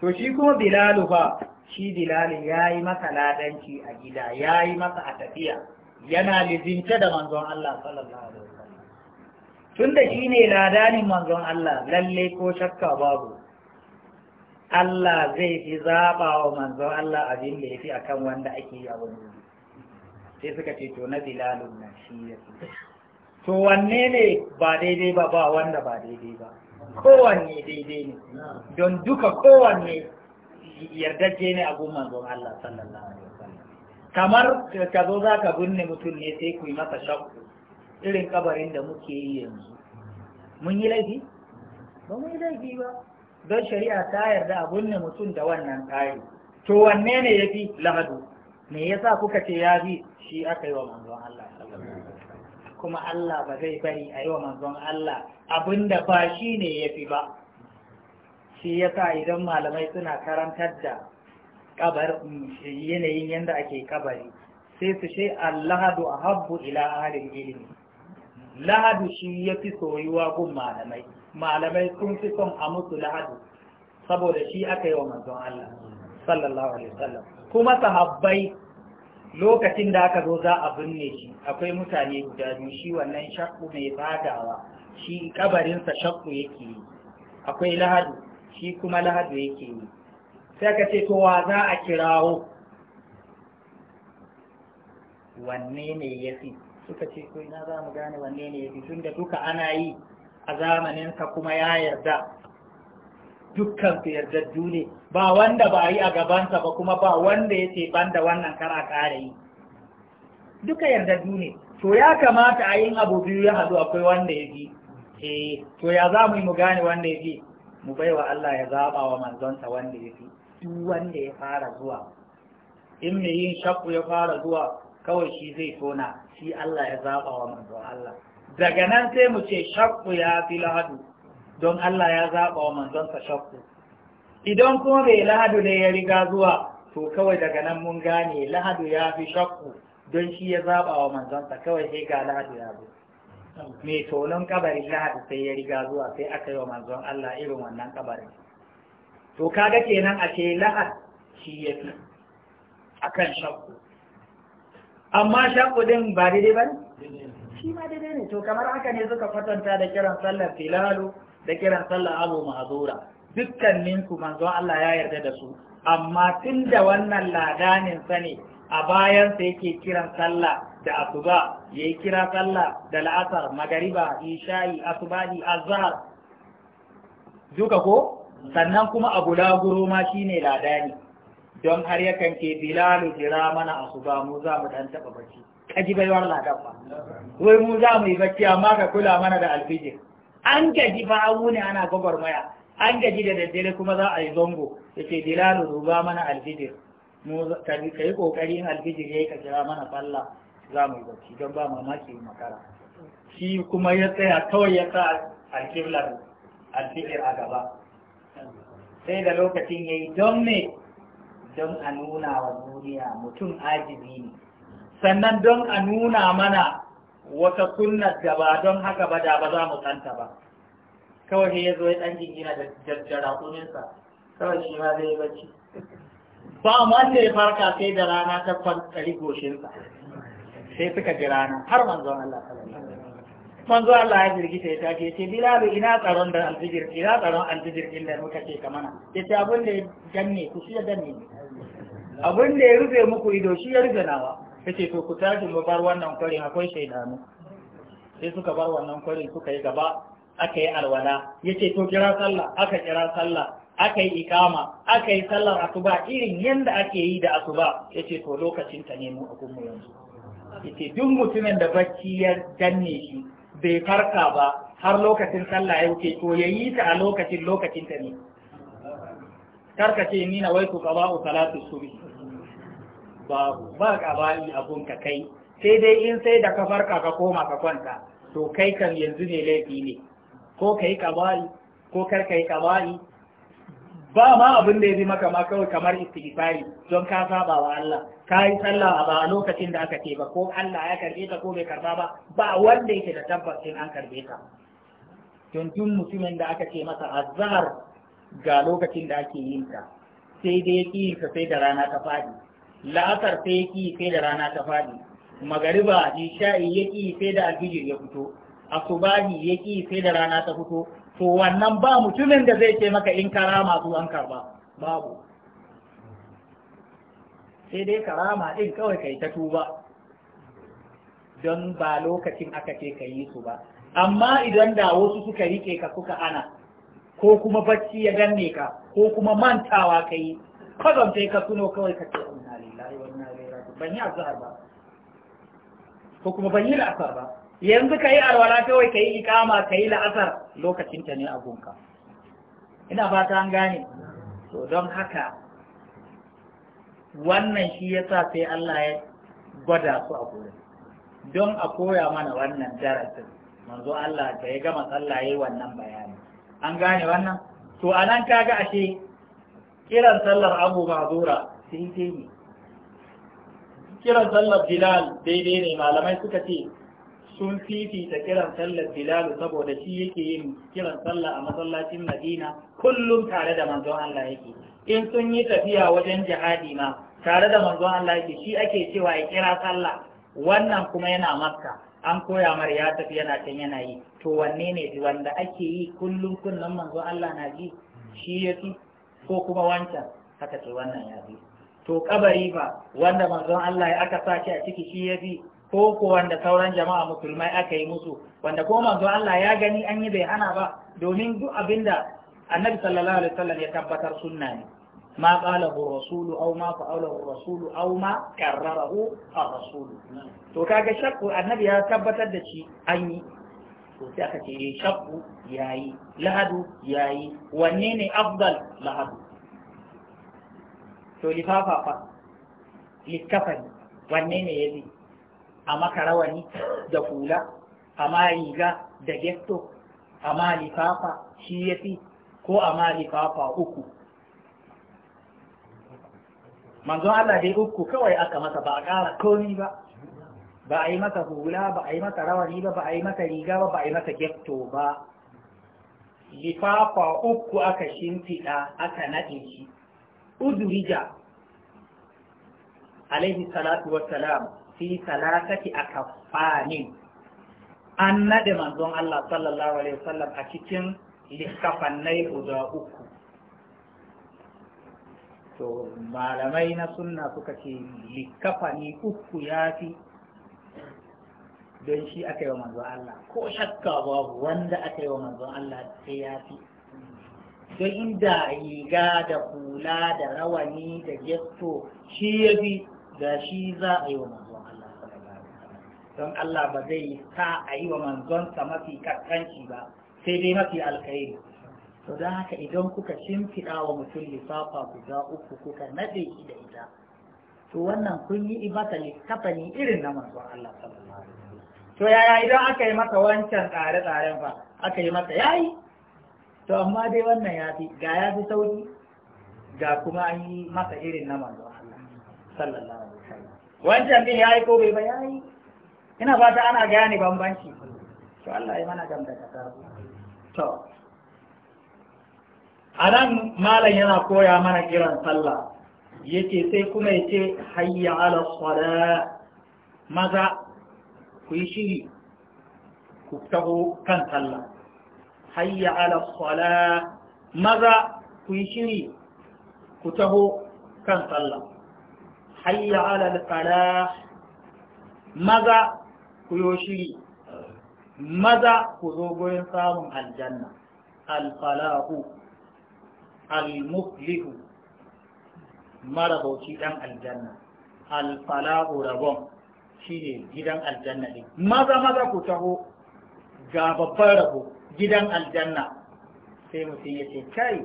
to shi kuma bilalu fa shi bilalu ya yi masa ladanci a gida ya yi masa a tafiya yana lizince da manzon Allah sallallahu alaihi wasallam tunda shine ladanin manzon Allah lalle ko shakka babu Allah zai fi zaba wa manzon Allah abin da a akan wanda ake yi a wani sai suka ce to na bilalun nan shi ya to wanne ne ba daidai ba ba wanda ba daidai ba kowanne daidai ne don duka kowanne yardajje ne a gun manzon Allah sallallahu alaihi kamar ka zo za ka binne mutum ne sai ku yi masa shakku irin kabarin da muke yi yanzu mun yi laifi ba mun yi laifi ba don shari'a ta yarda a binne mutum da wannan tsari to wanne ne ya fi lahadu me yasa kuka ce ya fi shi aka yi wa manzon Allah kuma Allah ba zai bari a yi wa manzon Allah abin da ba shi ne ya fi ba shi yasa idan malamai suna karantar da kabar mm, yanayin yanda ake kabari sai su ce allahadu ahabbu ila halin ilimi. lahadu shi yafi soyuwa gun malamai malamai sun fi son a musu lahadu saboda shi aka yi wa manzon Allah sallallahu alaihi wasallam kuma sahabbai lokacin da aka zo za a binne shi akwai mutane guda biyu shi wannan shakku mai fadawa shi kabarinsa shakku yake yi akwai lahadu shi kuma lahadu yake yi sai ka ce towa za a kirawo wanne ne ya fi suka ce ko ina za mu gane wanne ne ya fi tun da duka ana yi a zamaninsa kuma ya yarda dukkan su yardaddu ne ba wanda ba yi a gabansa ba kuma ba wanda ya ce banda wannan kara kare yi duka yardaddu ne to ya kamata a yin abu biyu ya hadu akwai wanda ya fi eh to ya za mu yi mu gane wanda ya fi mu baiwa Allah ya zaɓa wa manzonsa wanda ya fi duk wanda ya fara zuwa in mai yin shakku ya fara zuwa kawai shi zai tona shi Allah ya zaba wa manzon Allah daga nan sai mu ce shakku ya fi lahadu don Allah ya zaba wa manzonsa shakku idan kuma bai lahadu ne ya riga zuwa to kawai daga nan mun gane lahadu ya fi shakku don shi ya zaba wa manzonsa kawai sai ga lahadu ya zo mai tonon kabarin lahadu sai ya riga zuwa sai aka yi wa manzon Allah irin wannan kabarin to kaga kenan a ce la'ad shi ya fi a kan shakku amma shakku din ba daidai ba ne? shi ma daidai ne to kamar haka ne suka kwatanta da kiran sallar filalu da kiran sallar abu ma'azura dukkanin ku manzo Allah ya yarda da su amma tun da wannan ladanin sa ne a bayansa yake kiran sallah da asuba ya kira sallah da la'asar magariba isha'i asubani azhar duka ko sannan kuma abu laguro ma shine ladani don har yakan ke bilalu jira mana a su ba mu za mu dan taba bacci kaji baiwar ladan fa wai mu za mu yi bacci amma ka kula mana da alfijir an gaji ba an wuni ana gwagwarmaya an gaji da daddare kuma za a yi zongo da ke bilalu zuba mana alfijir mu ka yi kokari in alfijir ya yi ka jira mana sallah za mu yi bacci don ba mamaki makara shi kuma ya tsaya kawai ya sa alkiblar alfijir a gaba sai da lokacin ya yi don me don a nuna wa duniya mutum ajizi ne sannan don a nuna mana wata sunnar da ba don haka ba da ba za mu tsanta ba kawai shi ya zo ya ɗan jingina da jajjara kuninsa kawai shi ma zai bacci ba ma sai ya farka sai da rana ta kwan goshinsa sai suka ji rana har manzon Allah manzo Allah ya jirgita ya tashi ce bilalu ina tsaron da alfijir ina tsaron alfijir din da muka ce kamana ya ce abin da ya danne ku shi ya danne abin da ya rufe muku ido shi ya rufe nawa ya ce to ku tashi mu bar wannan kwari akwai shaidanu sai suka bar wannan kwari suka yi gaba aka yi alwala ya ce to kira sallah aka kira sallah aka yi ikama aka yi sallar asuba irin yadda ake yi da asuba ya ce to lokacin ta ne mu a yanzu ya ce duk mutumin da bacci ya danne shi bai farka ba har lokacin sallah ya wuce yayi ya ta a lokacin lokacin ta ne karka ce ni na waitu qada'u salatu subhi ba ba ni abun ka kai sai dai in sai da ka farka ka koma ka kwanta to kai kan yanzu ne laifi ne ko kai qaba'i ko kar kai qaba'i ba ma abin da ya bi maka ma kawai kamar istighfari don ka saba wa Allah ka yi sallah ba a lokacin da aka ce ba ko Allah ya karbe ta ko bai karba ba ba wanda yake da tabbacin an karbe ta tuntun mutumin da aka ce masa azhar ga lokacin da ake yin ta sai dai ki sai da rana ta fadi la'asar sai yi sai da rana ta fadi magariba isha'i yi sai da alfijir ya fito asubahi yi sai da rana ta fito to wannan ba mutumin da zai ce maka in karama zuwan karba babu sai dai karama din kawai kai ta tuba don ba lokacin aka ce ka yi su ba amma idan da wasu suka rike ka suka ana ko kuma bacci ya danne ka ko kuma mantawa ka yi sai ka tuno kawai ka ce inna lillahi wa inna ilaihi ban yi azhar ba ko kuma ban yi la'asar ba yanzu ka yi alwala kawai ka yi ikama ka yi la'asar lokacinta ne a ina fata an gane to don haka wannan shi ya sa sai Allah ya gwada su a gudun don a koya mana wannan darasin manzo Allah da ya gama tsallaye wannan bayani an gane wannan to a nan kaga ashe kiran sallar Abu zura sai dai ne kiran sallar Bilal daidai ne malamai suka ce sun fifita kiran sallar bilalu saboda shi yake yin kiran sallah a masallacin madina kullum tare da manzon Allah yake in sun yi tafiya wajen jihadi ma tare da manzon Allah yake shi ake cewa ya kira sallah wannan kuma yana makka an koya mar ya tafi yana can yana yi to wanne ne wanda ake yi kullum kullum manzon Allah na ji shi ya ko kuma wancan haka ce wannan ya bi to kabari ba wanda manzon Allah ya aka sa shi a ciki shi ya fi ko ko wanda sauran jama'a musulmai aka yi musu wanda ko manzo Allah ya gani an yi bai hana ba domin duk abinda annabi sallallahu alaihi wasallam ya tabbatar sunna ne ma hu rasulu aw ma hu rasulu aw ma karrarahu ar-rasulu to kaga shakku annabi ya tabbatar da shi an yi to sai aka ce eh, shakku yayi lahadu yayi wanne ne afdal lahadu to lifafa fa likafani wanne ne yayi a maka rawani da hula a ma riga da getto a ma lifafa shi ya fi ko a ma lifafa uku manzon Allah dai uku kawai aka masa ba a ƙara komi ba ba a yi masa hula ba a yi masa rawani ba ba a yi masa riga ba ba a yi masa getto ba lifafa uku aka shimfiɗa aka naɗe shi udurija alaihi salatu wassalam fi salasati kafanin an naɗe manzon Allah sallallahu alaihi wasallam a cikin likafannai guda uku to malamai na sunna suka ce likafani uku ya fi don shi aka yi wa manzon Allah ko shakka babu wanda aka yi wa manzon Allah sai ya fi don inda riga da hula da rawani da gesto shi ya fi da shi za a yi wa manzon don Allah ba zai yi sa a yi wa manzonsa mafi kaskanci ba sai dai mafi alkhairi to don haka idan kuka shimfiɗa wa mutum lissafa guda uku kuka naɗe shi da ita to wannan kun yi masa littafani irin na manzon Allah to yaya idan aka yi maka wancan tsare-tsaren fa aka yi maka yayi to amma dai wannan ya fi ga ya fi sauki ga kuma an yi masa irin na manzon Allah sallallahu alaihi wasallam wancan din yayi ko bai ba yayi ina fata ana gane bambanci to Allah ya mana gamda ka to nan, malam yana koya mana kiran sallah yake sai kuma ya ce, hayya ala sala maza ku yi shiri ku taho kan sallah hayya ala sala maza ku yi shiri ku taho kan sallah hayya ala al maza ku shiri maza ku zo gurin samun aljanna alfalahu almuflihu marabauci dan aljanna alfalahu rabon shine gidan aljanna din maza maza ku taho ga babban rabo gidan aljanna sai mutum ya ce kai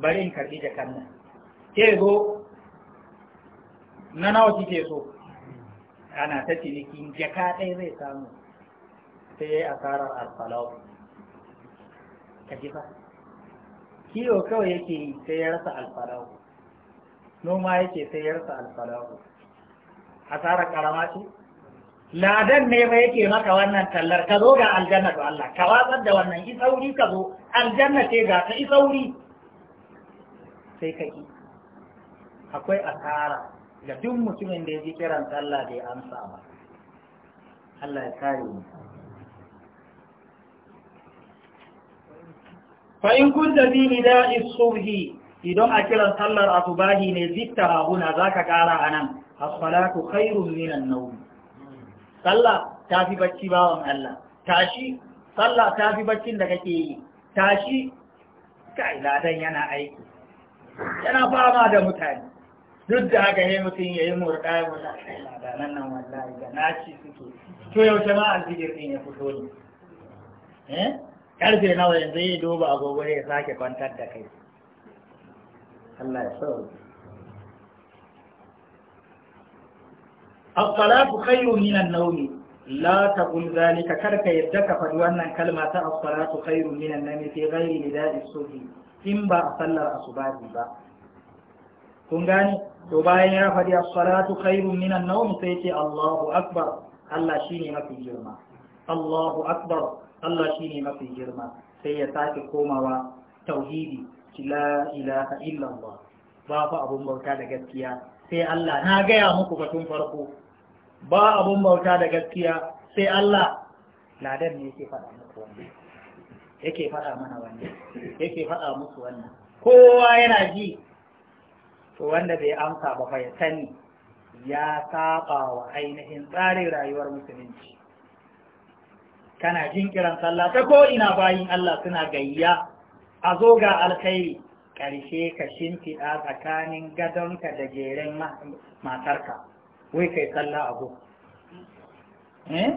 bari in karbi da nan ke zo na nawa kike so ana ta ciniki jaka ɗaya zai samu sai ya yi asarar alfalau ka ji ba kiwo kawai yake yi sai ya rasa alfalau noma yake sai ya rasa alfalau asarar karama ce ladan ne ba yake maka wannan tallar ka zo ga aljanna da Allah ka watsar da wannan isauri ka zo aljanna ce ga ta isauri sai ka ki akwai asara ga duk mutumin da ya ji kiran sallah ya amsa ba Allah ya kare mu fa in kunta bi nida'i subhi idan a kiran sallar asubahi ne zitta huna zaka kara anan as-salatu khairun min an-nawm sallah tafi bacci bawan Allah tashi sallah tafi baccin da kake yi tashi kai ladan yana aiki yana fama da mutane duk da haka ne mutum ya yi murɗa ya wata da nan nan wallahi ga naci suke to yaushe ma alfijir ɗin ya fito ne ƙarfe eh? nawa yanzu ya duba agogo ya sake kwantar da kai Allah ya sau Asalatu khayru min an-nawmi la taqul ka karka yadda ka faɗi wannan kalma ta a asalatu khayru min an-nawmi fi ghayri lidai as-subhi in ba a sallar asubahi ba kun gane to bayan ya faɗi as-salatu khairun minan nawm sai ce Allahu akbar Allah shine mafi girma Allahu akbar Allah shine mafi girma sai ya sake komawa tauhidi ki la ilaha illallah fa abun bauta da gaskiya sai Allah na gaya muku batun farko ba abun bauta da gaskiya sai Allah ladan ne yake faɗa muku wannan yake faɗa mana wannan yake faɗa musu wannan kowa yana ji to wanda bai amsa ba bai ya sani ya saba wa ainihin tsarin rayuwar musulunci kana jin kiran sallah ta ko ina bayin Allah suna gayya a zo ga alkhairi ƙarshe ka shimfiɗa tsakanin gadonka da jeren matarka wai kai sallah abu eh?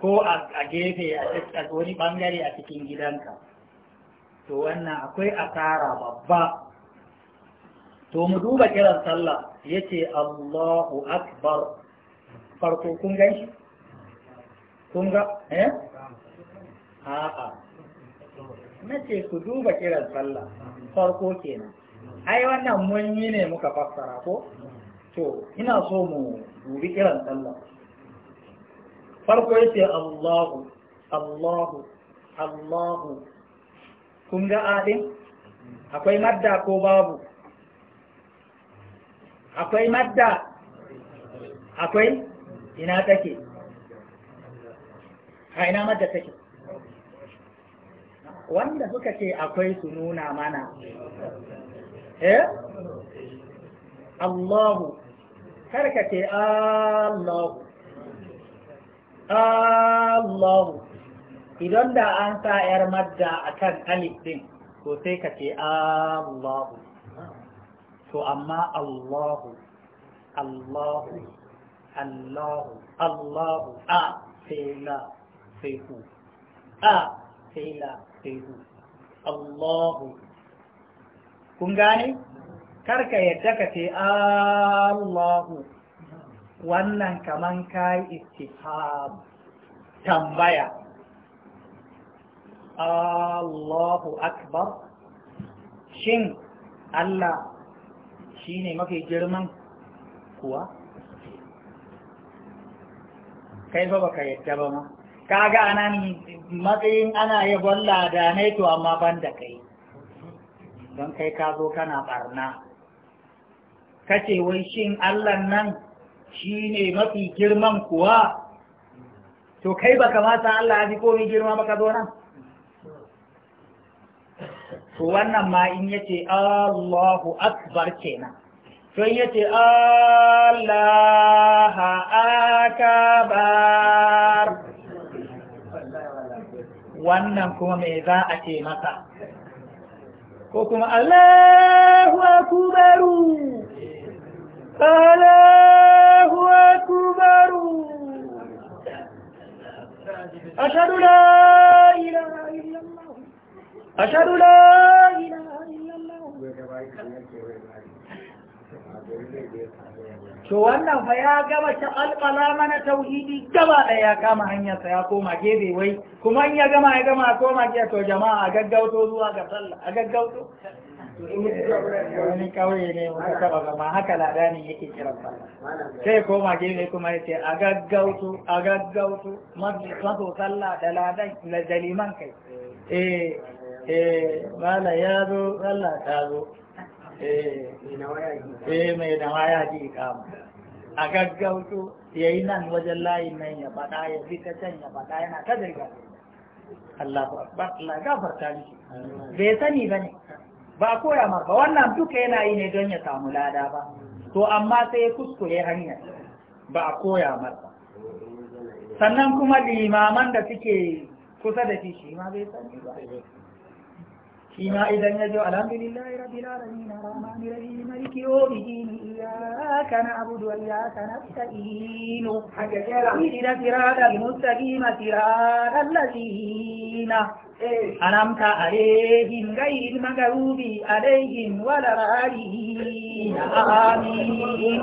ko a gefe a wani ɓangare a cikin gidanka to wannan akwai asara babba to mu duba kiran sallah yace Allahu akbar farko kun gan kun ga eh a'a na ce ku duba kiran sallah farko kenan ai wannan mun yi ne muka fassara ko to ina so mu dubi kiran sallah farko yace Allahu Allahu Allahu kun ga adin akwai madda ko babu akwai madda akwai ina take a ina madda take wanda suka ce akwai su nuna mana eh Allahu karka ce Allahu Allahu idan da an sa ‘yar madda a kan alif ɗin, ko sai ka ce Allahu. to amma Allahu Allahu Allahu Allahu a sai la a sai la sai ku Allahu kun gane karka yadda ka ce Allahu wannan kaman kai istihab tambaya Allahu akbar shin Allah Shi ne mafi girman kuwa kai ba baka yadda ba ma kaga anan matsayin ana yi gwalla da naito to amma ban da kai don kai ka zo kana barna kace wai shin Allah nan shi ne mafi girman kuwa to kai baka ma sa Allah ya fi komai girma baka zo nan to wannan ma in yace Allahu akbar kenan to in yace Allahu akbar wannan kuma me za a ce masa ko kuma Allahu akbaru Allahu akbaru أشهد لا إله إلا ashhadu la ilaha illallah to wannan fa ya gaba ta alƙala mana tauhidi gaba da ya kama hanyarsa ya koma gefe wai kuma in ya gama ya gama koma ke to jama'a a gaggauto zuwa ga sallah a gaggauto wani kauye ne wata taba gama haka ladani yake kiran sallah sai koma gefe kuma ya ce a gaggauto a gaggauto maso sallah da ladan da liman kai eh eh mala ya zo Allah ta zo eh mai da waya ji eh, kama a gaggauto ya yi nan wajen layin nan ya faɗa ya fi ta can ya faɗa yana ta dirga Allah akbar Allah gafarta miki bai sani ba ne ba koya mar ba wannan duka yana yi ne don ya samu lada ba to amma sai ya kuskure hanyar. ba a koya mar ba sannan kuma limaman da suke kusa da shi shi ma bai sani ba فيما إذا نجو الحمد لله رب العالمين الرحمن الرحيم ملك يوم الدين إياك نعبد وإياك نستعين اهدنا صراط المستقيم صراط الذين أنعمت عليهم غير المغلوب عليهم ولا الضالين آمين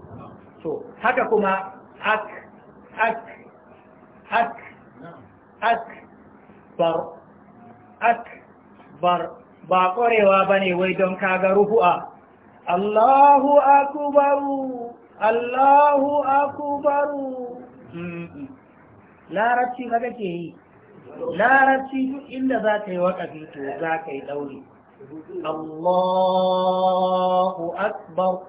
to haka kuma ak ak ak ak bar ak bar ba ƙwarewa ba ne wai don kaga ruhu'a Allahu akubaru Allahu akubaru larabci ba kake yi larabci duk inda za ka yi wakafi to za ka yi ɗaure Allahu akbar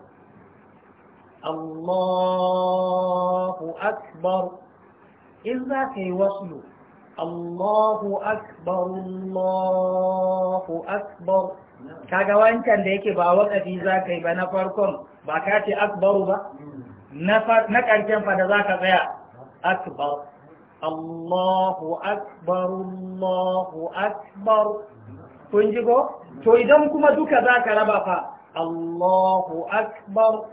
Allahu akbar in za ka yi waslu Allahu akbar Allahu akbar kaga wancan da yake ba wakafi za ka yi ba na farkon ba ka ce akbaru ba na ƙarshen da za ka tsaya akbar Allahu akbar Allahu akbar kun ji ko to idan kuma duka za ka raba fa Allahu akbar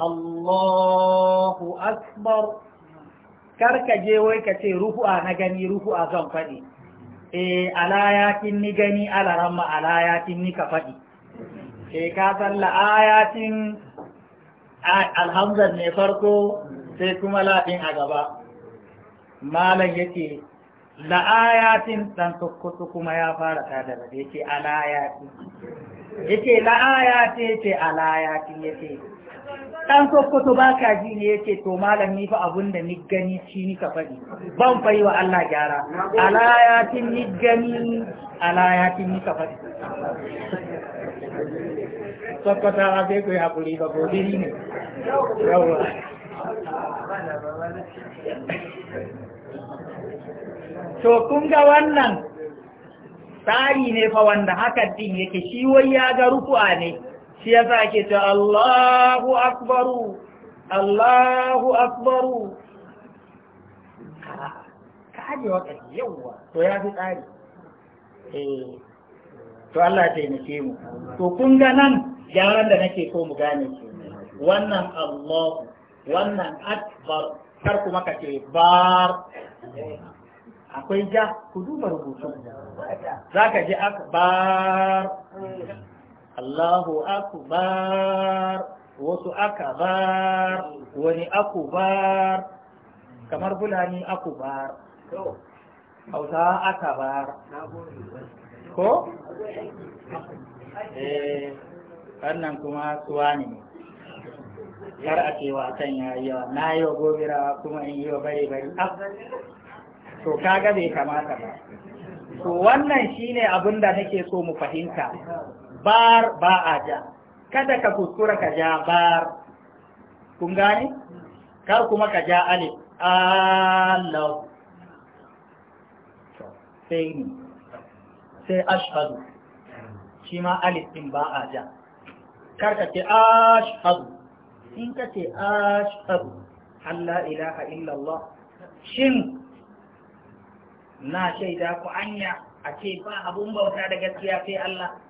Allahu Akbar karka je wai ka ce ruhu'a na gani ruhu'a zan faɗi eh alayatin ni gani alaramma alayatin ni ka faɗi E ka san la'ayatin alhamzar ne farko sai kuma laɗin a gaba malam yake la'ayatin dan sokkoto kuma ya fara ta da yake alayatin yake la'ayatin yake alayatin yake ɗan sokoto ba ka ji ne yake to malam ni fa abun da ni gani shi ni ka faɗi ban fayi wa Allah gyara tin ni gani tin ni ka faɗi sokoto a sai ku yi haƙuri ba gobe ne yawa to kun ga wannan tsari ne fa wanda haka din yake shi wai ya ga ruku'a ne shi yasa ake ta Allahu akbaru Allahu akbaru ka haje yau yawwa to ya fi tsari eh, to Allah yi taimake mu to kun ga nan gyaran da nake so mu gane shi wannan Allahu wannan akbar kar kuma ka ce bar akwai ja ku duba rubutun za ka ji akbar Allahu akubar! wasu akabar wani akubar kamar fulani akubar hausa akabar ko? eh wannan kuma suwa ne kar a ce wasan ya yi yawa na yi wa gobirawa kuma in yi wa bari. bari ah, to kaga bai kamata ba to wannan shine abin da nake so mu fahimta bar ba a ja kada ka kuskura ka ja bar kun gani? kar kuma ka ja alif Allah sai ni sai ashadu shi ma alif din ba a ja kar ka ce ashadu in ka ce ashadu Allah ilaha illallah shin na shaida ku anya a ce ba abun bauta da gaskiya sai Allah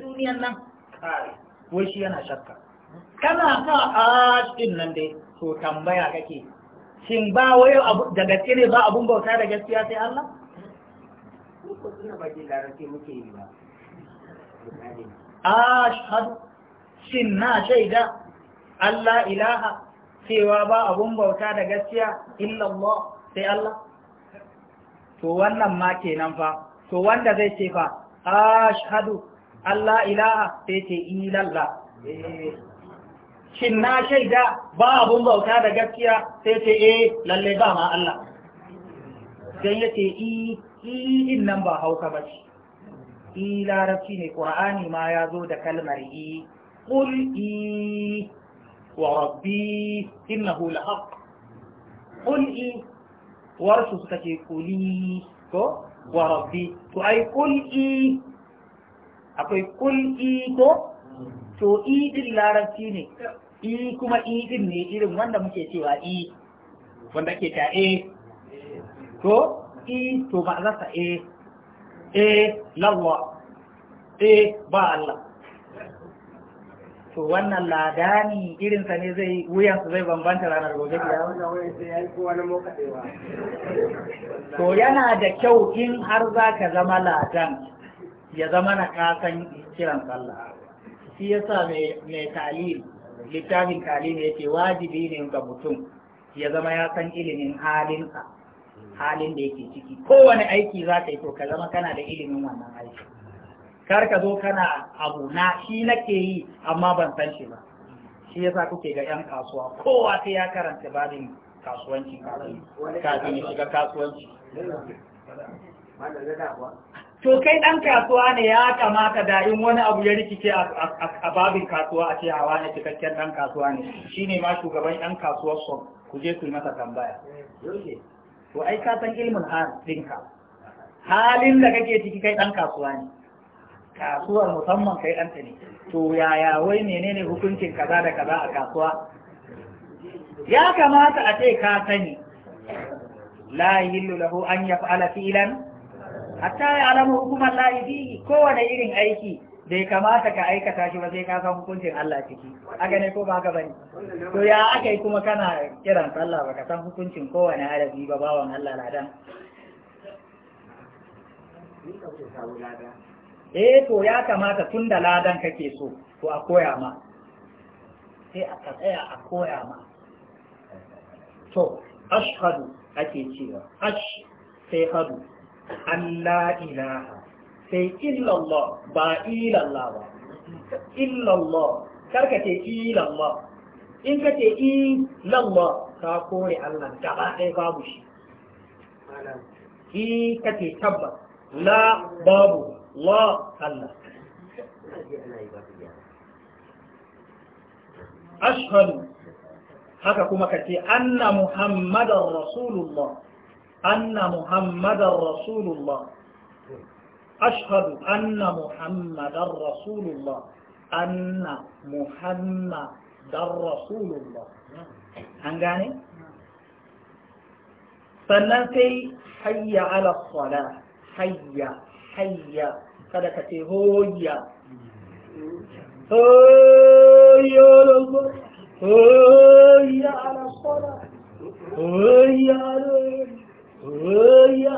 duniyan nan kare wai shi yana shakka kana sa cikin nan dai to tambaya kake shin ba wai da gaske ne ba abun bauta da gaskiya sai Allah ko suna ba muke yi ba ashhadu shin na shaida Allah ilaha cewa ba abun bauta da gaskiya illallah sai Allah to wannan ma kenan fa to wanda zai ce fa ashhadu Allah ilaha sai ce ilalla eh. shin na shaida ba abun bauta da gaskiya sai ce eh lalle ba ma Allah sai ya ce i nan ba hauka ba shi. i larabci ne ƙura'ani ma ya zo da kalmar i qul i wa rabbi hula lahaq qul i warsu suka ce quli ko wa rabbi to ai qul i akwai kul iko to i din larabci ne i kuma i din ne irin wanda muke cewa i wanda ke ta e to i to ba za ta e e lawa e ba Allah to wannan ladani sa ne zai wuyan zai bambanta ranar gobe to yana da kyau in har za ka zama ladan ya zama na kasan kiran sallah shi yasa mai talib littafin ya yake wajibi ne ga mutum ya zama ya san ilimin halinsa halin da yake ciki kowane aiki za ka yi to ka zama kana da ilimin wannan aiki kar ka zo kana abu na shi nake yi amma ban san shi ba shi yasa kuke ga yan kasuwa kowa sai ya karanta babin kasuwanci kafin ya shiga kasuwanci to kai ɗan kasuwa ne ya kamata da in wani abu ya rikice a babin kasuwa a ce hawa ne cikakken ɗan kasuwa ne shi ne ma shugaban ɗan kasuwar son ku je ku yi masa tambaya to ai ka san ilmin ka halin da kake ciki kai ɗan kasuwa ne kasuwar musamman kai ɗanta ne to yaya wai menene hukuncin kaza da kaza a kasuwa ya kamata a ce ka sani la yahillu lahu an yaf'ala fi'lan hatta ya alamu hukumar lahi kowane irin aiki bai kamata ka aikata shi ba sai ka san hukuncin Allah ciki a ne ko ba haka bane to ya aka yi kuma kana kiran sallah ka san hukuncin kowane harafi ba bawan Allah ladan eh to ya kamata tun da ladan kake so to a koya ma sai a tsaya a koya ma to ashhadu ake cewa ash sai hadu Allah ilaha sai illallah ba ilallah ba illallah karka ce ilallah in ka ce ilallah ka kore Allah gaba ɗaya babu shi ki ka ce tabba la babu la Allah ashhadu haka kuma ka ce anna Muhammadan rasulullah أن محمد رسول الله أشهد أن محمد رسول الله أن محمد رسول الله هنغاني فنتي حي على الصلاة حي حي فلكتي هويا هويا على الصلاة هويا على ya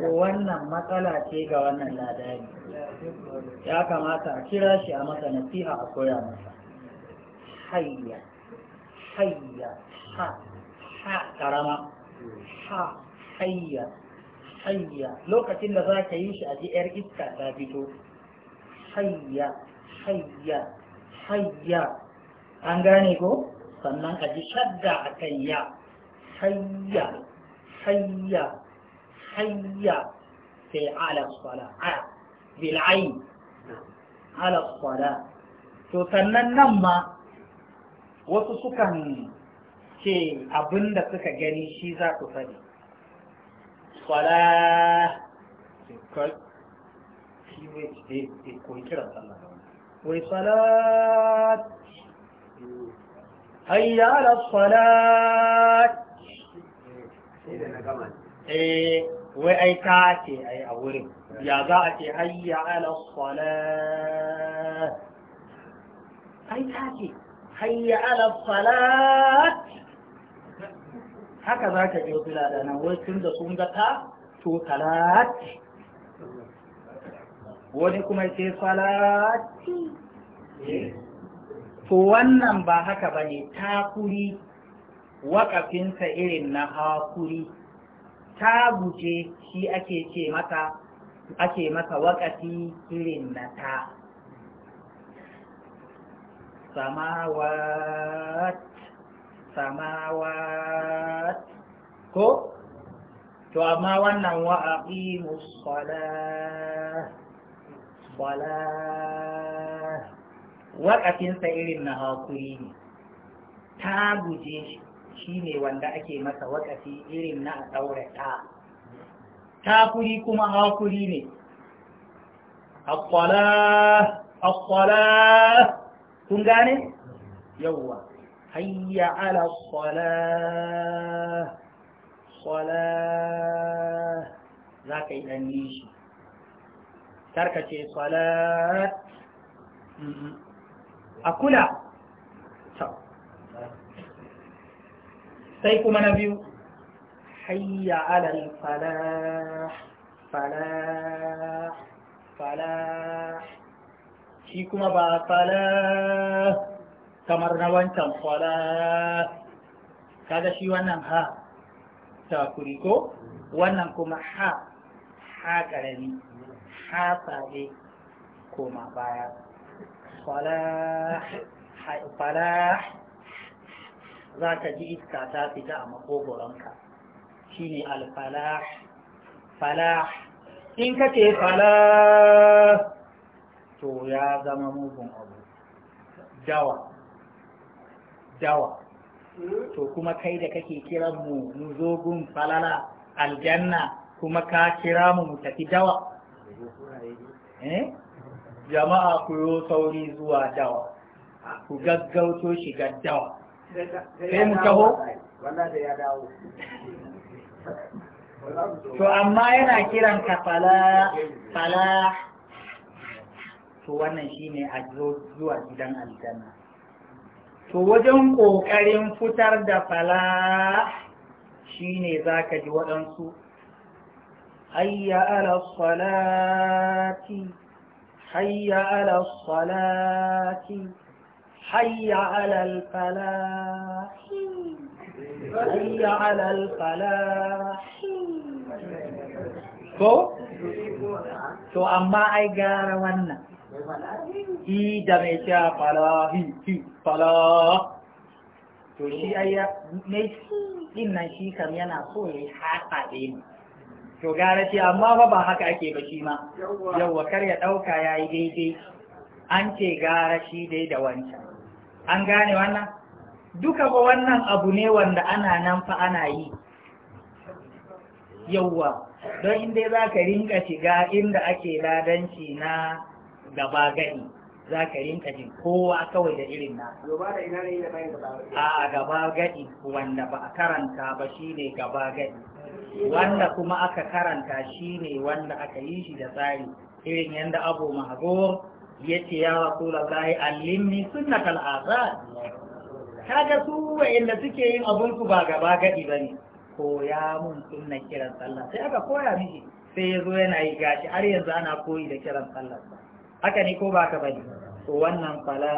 ko wannan matsala ce ga wannan ladani ya kamata a kira shi a masa nasiha a koya masa hayya hayya ha ha karama ha hayya hayya lokacin da za ka yi shi a ji yar iska ta fito hayya hayya hayya an gane ko sannan a ji shadda a kan ya hayya hayya hayya sai ala sala bil ayn ala sala to sannan nan ma wasu sukan ce abin da suka gani shi za ku sani sala shi wai kiran sallah wai hayya ala eh wai ai ta ce ai a wurin ya za a ce hayya ala salat ai ta ce hayya ala salat haka za ka je bila da nan wai tun da sun ga ta to salat wani kuma ce salati eh. to wannan ba haka ba bane takuri waƙafinsa irin na hakuri ta guje shi ake ce mata ake masa waƙafi irin na ta samawat samawat ko to amma wannan wa'afi musala wala waƙafinsa irin na hakuri ne ta guje shi Shi ne wanda ake masa wakafi irin na a ɗaure ta takuri kuma hakuri ne akwala akwala kun gane yawwa hayya ala kwala kwala za ka yi ɗan nishi karkace salat a kula sai kuma na biyu hayya alal falah falah falah shi kuma ba falah kamar na wancan falah kaga shi wannan ha takuri ko wannan kuma ha ha karami ha sabe koma baya falah falah za ka ji iska ta fita a makogoronka shi ne alfalah falah in ka ce falah to ya zama mugun abu dawa dawa to kuma kai da kake kiran mu mu zo gun falala aljanna kuma ka kira mu mu tafi dawa eh jama'a ku yi sauri zuwa dawa ku gaggauto shiga dawa sai mu taho to amma yana kiran ka fala fala to wannan shine a zuwa gidan aljanna to wajen ƙoƙarin fitar da fala shine za ka ji waɗansu hayya ala salati hayya ala salati حي على الفلاح حي على الفلاح ko to amma ai gara wannan i da mai cewa falahi ki Falah, to shi ai ne din nan shi kam yana so ya yi haɗa ne to gara shi amma fa ba haka ake ba shi ma yawwa kar ya ɗauka ya yi daidai an ce gara shi dai da wancan an gane wannan duka ba wannan abu ne wanda ana nan fa ana yi yauwa don inda za ka rinka shiga inda ake ladanci na gaba gani za ka rinka jin kowa kawai da irin na a gaba gadi wanda ba a karanta ba shine gaba gadi wanda kuma aka karanta shine wanda aka yi shi da tsari irin yadda abu mahagor yace ya rasulullahi allimni sunnatal azan kaga su wa'anda suke yin abun ba gaba gadi bane koya mun sunna kiran sallah sai aka koya miki sai ya zo yana yi gashi har yanzu ana koyi da kiran sallah haka ne ko ba ka bane to wannan fala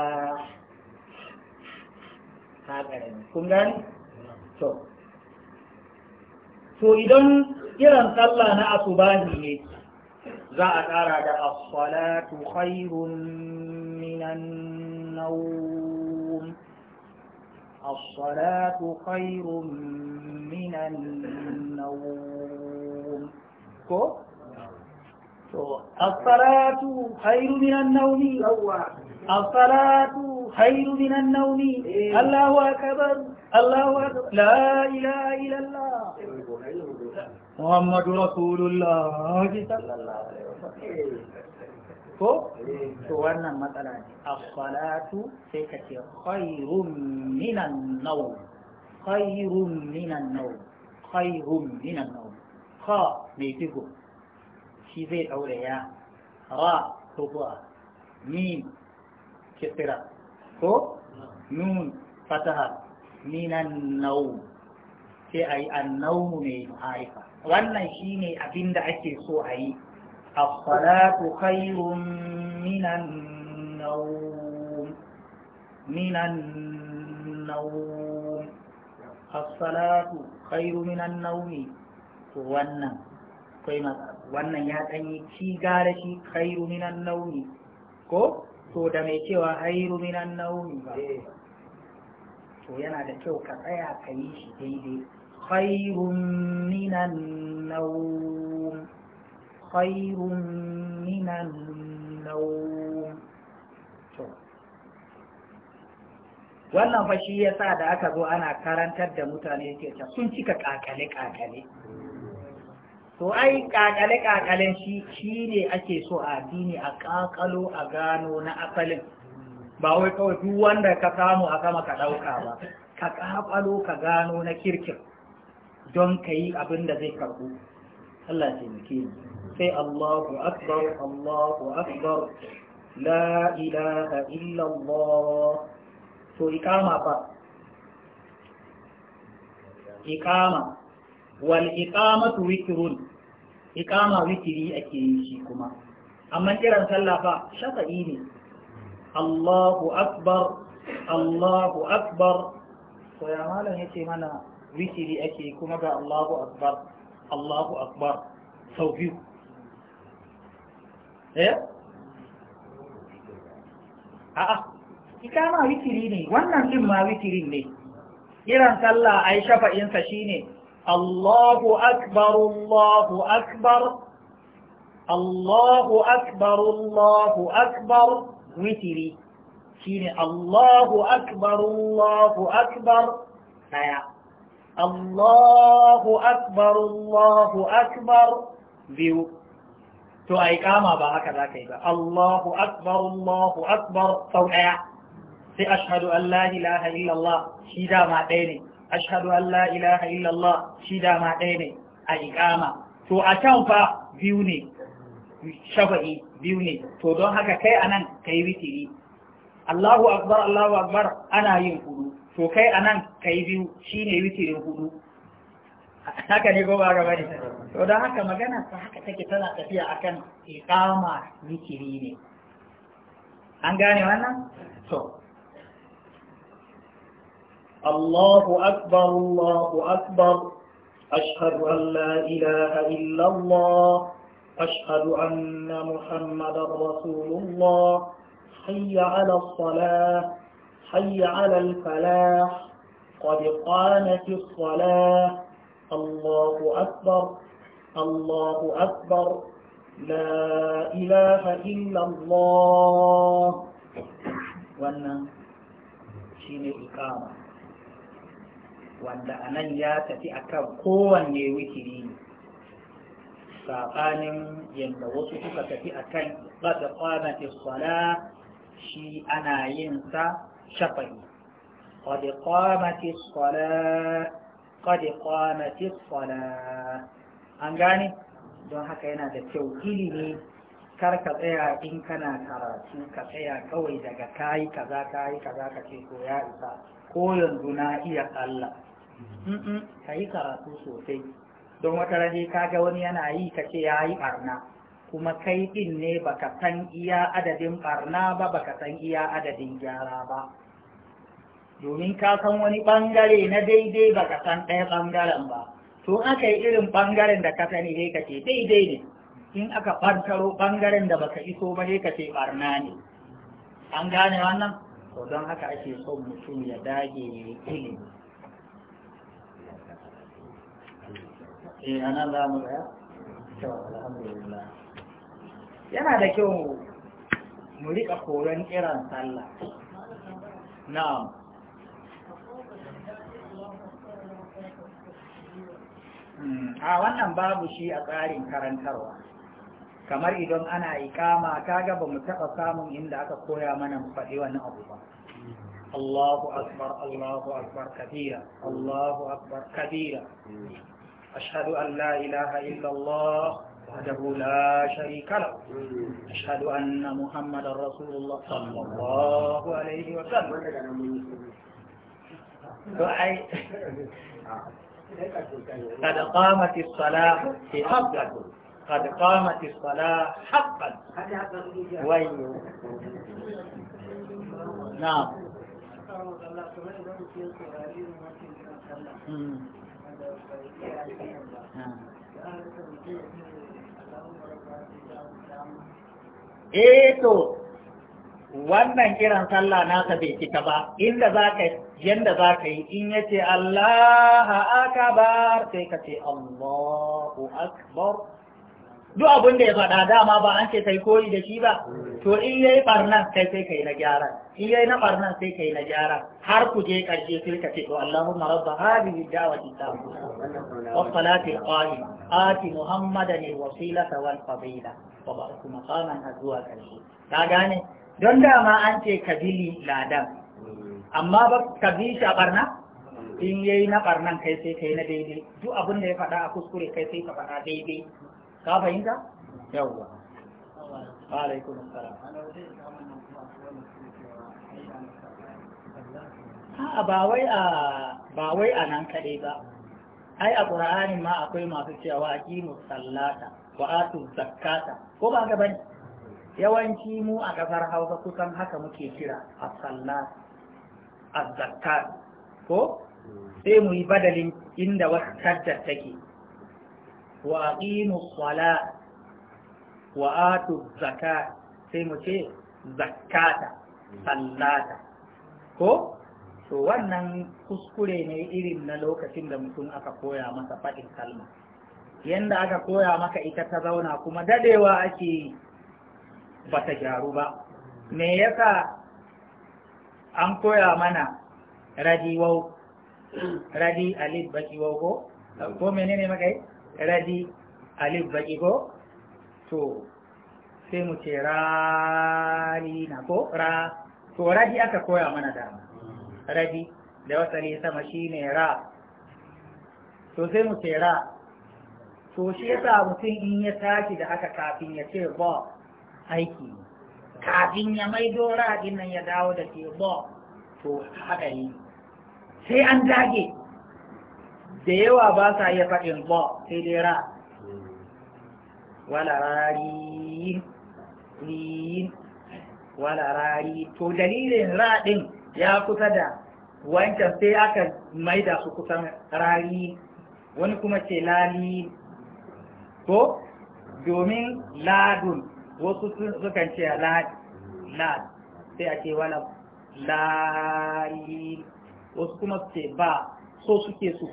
ta karami kun gani to to idan kiran sallah na asubahi ne الصلاة خير من النوم الصلاة خير من النوم كو الصلاة خير من النوم الصلاة خير من النوم الله أكبر الله أكبر لا إله إلا الله محمد رسول الله صلى الله عليه وسلم ko to wannan matsala ne as-salatu sai ka ce khairun minan nawm khairun minan nawm khairun minan nawm kha mai digo shi zai daure ya ra rubu'a min kitira ko nun fataha minan nawm sai ayi an ne haifa wannan shine abinda ake so a yi الصلاة خير من النوم من النوم الصلاة wannan wannan ya ɗanyi ci gara shi khairu minan ko to da mai cewa khairu minan ba eh. to yana da kyau ka tsaya ka yi shi daidai khairun minan naumi خير من النوم wannan fa shi yasa da aka zo ana karantar da mutane yake ta sun cika kakale kakale to ai kakale kakalen shi shi ne ake so a addini a kakalo a gano na asalin ba wai kawai duk wanda ka samu a sama ka dauka ba ka kakalo ka gano na kirkin don ka yi abin da zai karbu Allah ya taimake ni sai Allahu akbar Allahu akbar la ilaha illallah to ikama fa ikama wal iqamatu witrun iqama witri ake yi shi kuma amma kiran sallah fa shafa'i ne Allahu akbar Allahu akbar to ya malam ya ce mana witri ake kuma ga Allahu akbar Allahu akbar sau biyu eh a'a ita ma witiri ne wannan din ma witiri ne irin sallah ai shafa'insa shine Allahu akbar Allahu akbar Allahu akbar Allahu akbar witiri shine Allahu akbar Allahu akbar daya Allahu akbar Allahu akbar biyu to a iqama ba haka za ka yi ba Allahu akbar Allahu akbar sau ɗaya sai ashadu an la illallah shi dama ɗaya ne ashhadu an la illallah shi dama ɗaya ne a iqama to a can fa biyu ne shafa'i biyu ne to don haka kai a nan ka yi witiri Allahu akbar Allahu akbar ana yin hudu to kai a nan ka yi biyu shi shine witirin hudu haka ne to da haka magana ta haka take tana tafiya akan iqama zikiri ne an gane wannan to الله أكبر الله أكبر أشهد أن لا إله إلا الله أشهد أن محمد رسول الله حي على الصلاة حي على الفلاح قد قامت الصلاة الله أكبر الله أكبر لا إله إلا الله وانا شيني إقامة وانا أنا ياتي أكاو كوان يوكيني فقانم ينوصف فتتي أكاو قد قامت الصلاة شي أنا ينسى شفاي قد قامت الصلاة qad qamati as an gane don haka yana da kyau ilimi kar ka tsaya in kana karatu ka tsaya kawai daga kayi kaza kayi kaza ka ce ko ya isa ko yanzu na iya Allah ka yi karatu sosai don wata rage kaga wani yana yi ka ce ya yi barna kuma kai din ne baka san iya adadin barna ba baka san iya adadin gyara ba domin ka san wani ɓangare na daidai ba ka san ɗaya ɓangaren ba to aka yi irin ɓangaren da ka sani ne ka ce daidai ne in aka ɓantaro ɓangaren da baka iso ba ne ka ce ɓarna ne an gane wannan to don haka ake son mutum ya dage ya yi ilimi eh nan za mu ɗaya to alhamdulillah yana da kyau mu riƙa koyon kiran sallah na'am Hmm. a wannan babu shi a tsarin karantarwa kamar idan ana ikama ta ga ba mu taɓa samun inda aka koya mana mu faɗi wani abu ba Allahu akbar Allahu akbar kabira Allahu akbar kabira ashhadu an la ilaha illa Allah وحده لا شريك له أشهد أن محمد رسول الله صلى الله عليه وسلم قد قامت الصلاة في حقا قد قامت الصلاة حقا وين نعم ايه تو wannan kiran sallah nasa bai cika ba inda za ka yanda za ka yi in yace Allahu akbar sai ka ce Allahu akbar duk abin da ya faɗa dama ba an ce sai koyi da shi ba to in yayi barna sai sai kai na gyara in yayi na barna sai kai na gyara har ku je karshe sai ka ce to Allahumma rabb hadhihi da'wati tamma wa salati al-qaim ati muhammadan wasilata wal fadila wa ba'ku maqaman azwa karshe ka gane don dama an ce kabili ladan amma ba ka shi a barna in yayi na barnan kai sai kai na daidai duk abin da ya faɗa a kuskure kai sai ka faɗa daidai ka fahimta yawwa alaikum assalam ba wai a ba wai a nan kaɗai ba ai a qur'ani ma akwai masu cewa aqimus sallata wa atuz zakata ko ba ga bane yawanci mu a ƙasar hausa kusan haka muke kira a sallat a zakkat ko sai mu yi badalin inda wata kaddar take wa aqimu sala wa atu sai mu ce zakata sallata ko to wannan kuskure ne irin na lokacin da mutum aka koya masa faɗin kalma yadda aka koya maka ita ta zauna kuma dadewa ake yi. ba ta gyaru ba me yasa an koya mana radiwau radi alif baki wau ko ko menene maka yi radi alif baki ko to sai mu ce rari na ko ra to radi aka koya mana da. radi da wasali sama shi ne ra to sai mu ce ra to shi yasa mutum in ya tashi da haka kafin ya ce ba aiki kafin ya maido raɗin nan ya dawo da ke ba to haɗari sai an dage da yawa ba sa iya faɗin ba sai dai ra wala rari rin wala rari to dalilin raɗin ya kusa da wancan sai aka maida su kusan rari wani kuma ce lali ko domin ladun wasu sun sukan ce la la sai a ce wala layi wasu kuma su ce ba so suke su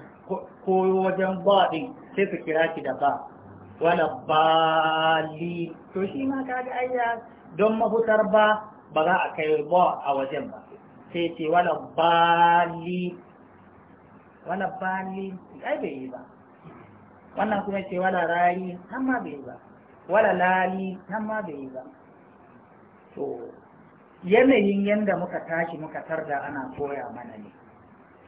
koyo wajen ba din sai su kira shi da ba wala li to shi ma ka ga ayya don mafutar ba ba za a kai ba a wajen ba sai ce wala li wala li ai bai yi ba wannan kuma ce wala rayi amma bai yi ba wala lali nan ma bai yi ba to yanayin yanda muka tashi muka tarda ana koya mana ne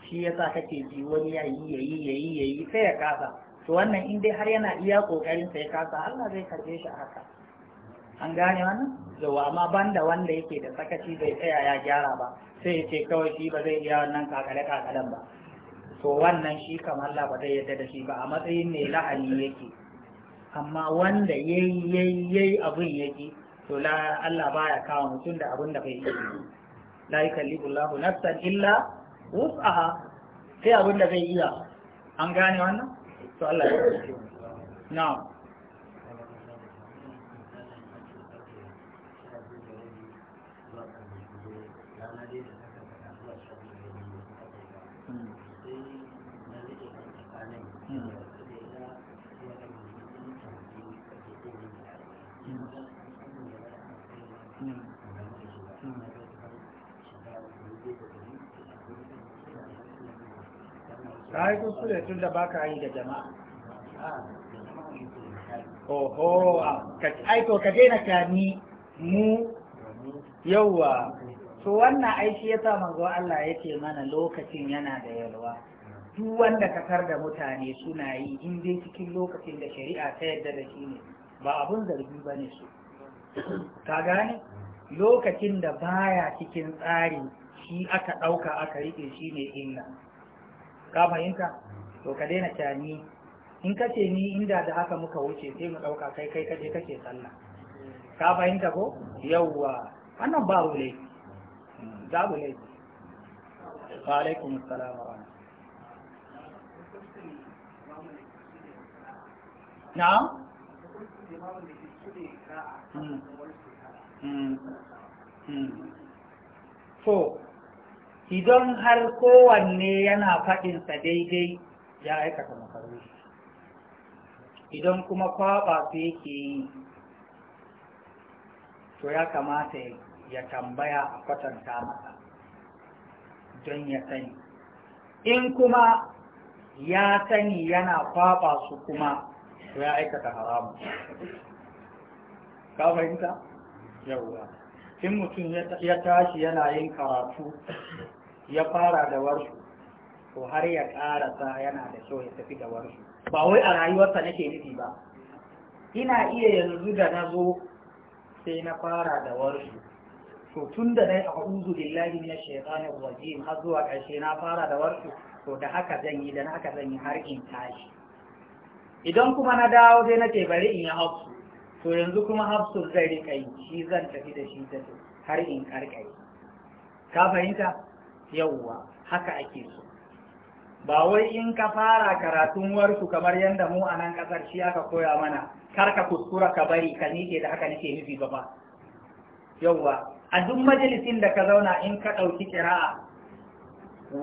shi yasa kake ji wani ya yi ya yi ya yi ya yi sai ya kasa to wannan in dai har yana iya kokarin sai ya kasa Allah zai karbe shi a haka an gane wannan yawa amma banda wanda yake da sakaci bai tsaya ya gyara ba sai ya ce kawai shi ba zai iya wannan kakale kakalen ba to wannan shi kamar Allah ba zai yadda da shi ba a matsayin ne la'ani yake amma wanda yayi yayi yayi abin yake to la Allah baya kawo mutum da abin da bai yi la yukallifu Allahu nafsan illa wus'aha sai abin da bai iya an gane wannan to Allah ya kace na'am Ka yi kuskure tun da baka yi da jama'a. Oho, aiko ka daina kani mu yauwa. To wannan aiki ya sa manzo Allah ya mana lokacin yana da yalwa. Duk wanda ka tar da mutane suna yi in dai cikin lokacin da shari'a ta yadda da shi ne ba abun zargi ba ne su. Ka gane? Lokacin da baya cikin tsari shi aka ɗauka aka riƙe shi ne illa. ka fahimta to ka daina tani in ka ce ni inda da haka muka wuce sai mu ɗauka kai kai kaje kake sallah ka fahimta ko yawwa wannan babu laifi hmm, babu ne wa alaikum assalam wa na'am So, hmm. hmm. idan har kowanne yana faɗinsa daidai ya aikata makaru idan kuma kwaɓa su yake yi to ya kamata ya tambaya a kwatanta masa don ya sani in kuma ya sani yana kwaɓa su kuma to ya aikata haramu ka fahimta yawon in mutum ya tashi yana yin karatu ya fara da warsu, to har ya karasa yana da kyau ya tafi da warsu. ba wai a rayuwarsa nake nufi ba ina iya yanzu da na zo sai na fara da warsu, to tun da na yi a'udhu billahi minash shaitanir rajim har zuwa ƙarshe na fara da warsu, to da haka zan yi da haka zan yi har in tashi idan kuma na dawo sai nake bari in yi hausu to yanzu kuma hafsu zai rika yi shi zan tafi da shi da har in yi. ka fahimta yawwa haka ake so ba wai in ka fara karatun warsu kamar yadda mu a nan kasar shi aka koya mana kar ka kuskura ka bari ka nike da haka nike nufi ba yawwa a duk majalisin da ka zauna in ka ɗauki kira'a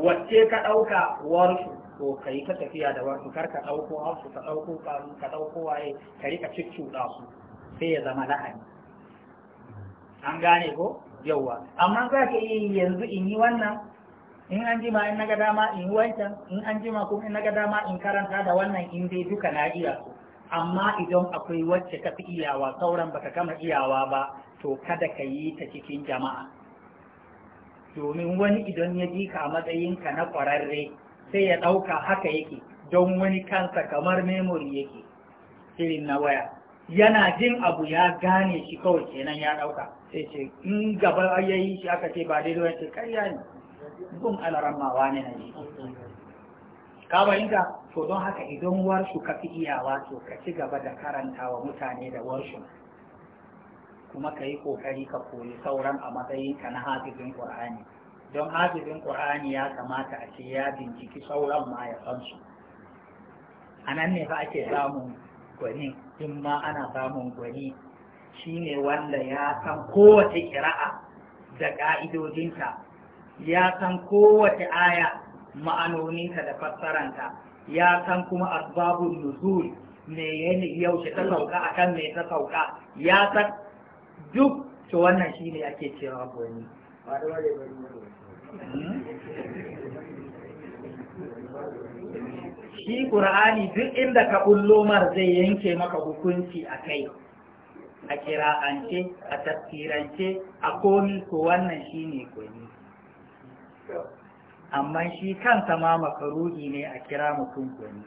wacce ka ɗauka warsu to ka yi ta tafiya da warsu kar ka ɗauko hafsu ka ɗauko ka ɗauko waye ka rika ciccuɗa su sai ya zama lahani an gane ko yauwa amma za ka yi yanzu in yi wannan in an jima in naga dama in yi wancan in an jima kuma in naga dama in karanta da wannan in dai duka na iya su amma idan akwai wacce ka fi iyawa sauran baka gama iyawa ba to kada ka yi ta cikin jama'a domin wani idan ya ji ka matsayinka na ƙwararre sai ya ɗauka haka yake don wani kansa kamar memory yake irin na waya yana jin abu ya gane shi kawai kenan ya ɗauka sai ce in gaba ya yi shi aka ce ba daidai ya ce karya ne gun alarammawa ne na yi ka bayinka to don haka idan warshu ka fi iyawa to ka ci gaba da karanta wa mutane da warshu kuma ka yi ƙoƙari ka koyi sauran a matsayin ka na hafizin qur'ani don hafizin ƙur'ani ya kamata a ce ya binciki sauran ma ya san su a nan ne fa ake samun gwanin in ma ana samun gwani shine wanda ya san kowace kira'a da ƙa'idodinta ya san kowace aya ma'anoninta da fassaranta ya san kuma asbabun nuzul me yaushe ta sauka akan mai ta sauka ya san duk to wannan shine ake cewa gwani shi qur'ani duk inda ka bullo mar zai yanke maka hukunci a kai a kira'ance a tafsirance a komi ko wannan shi ne amma shi kan ma makaruhi ne a kira mutum gwani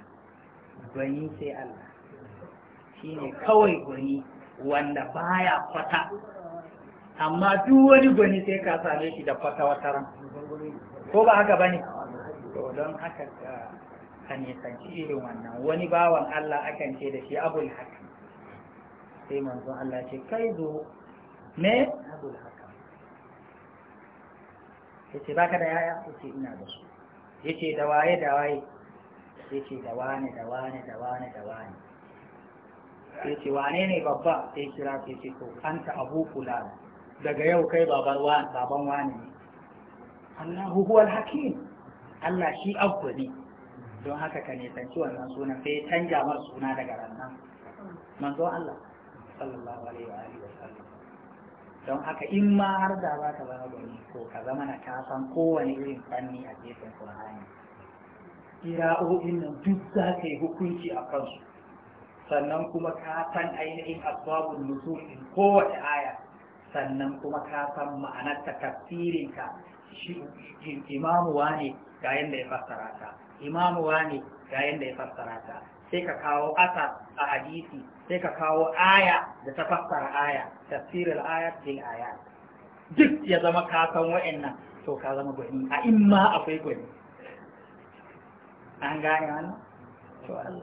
gwani sai Allah shi ne kawai gwani wanda baya kwata amma duk wani gwani sai ka same shi da kwata wata ran ko ba haka bane to don haka ah, ka nisanci irin wannan wani bawan Allah akan ce da shi abul hakan sai manzo Allah ce kai zo me abul hakan ya ce baka da yaya ya ce ina da su ya ce da waye da waye ya ce da wane da wane da wane da wane ya ce wane ne babba sai kira sai ce to anta abu kula daga yau kai baban wani ne Allahu huwal hakim Allah shi abu ne don haka ka nisanci wannan sunan sai canja mar suna daga rannan manzo Allah sallallahu alaihi wa alihi wasallam don haka in ma har da ba ka zama gani ko ka zama na ka san kowane irin fanni a gefen Qur'ani kira'o'in nan duk za ka yi hukunci a kansu sannan kuma ka san ainihin asbabun nuzul kowace aya sannan kuma ka san ma'anar ta tafsirin ka imamu wane ga yadda ya fassara ta imamu ne ga yadda ya fassara ta sai ka kawo asar a hadisi sai ka kawo aya da ta fassara aya tafsirul Aya bil aya, duk ya zama ka san wa'annan to ka zama gwani a in ma akwai gwani an gane wannan to Allah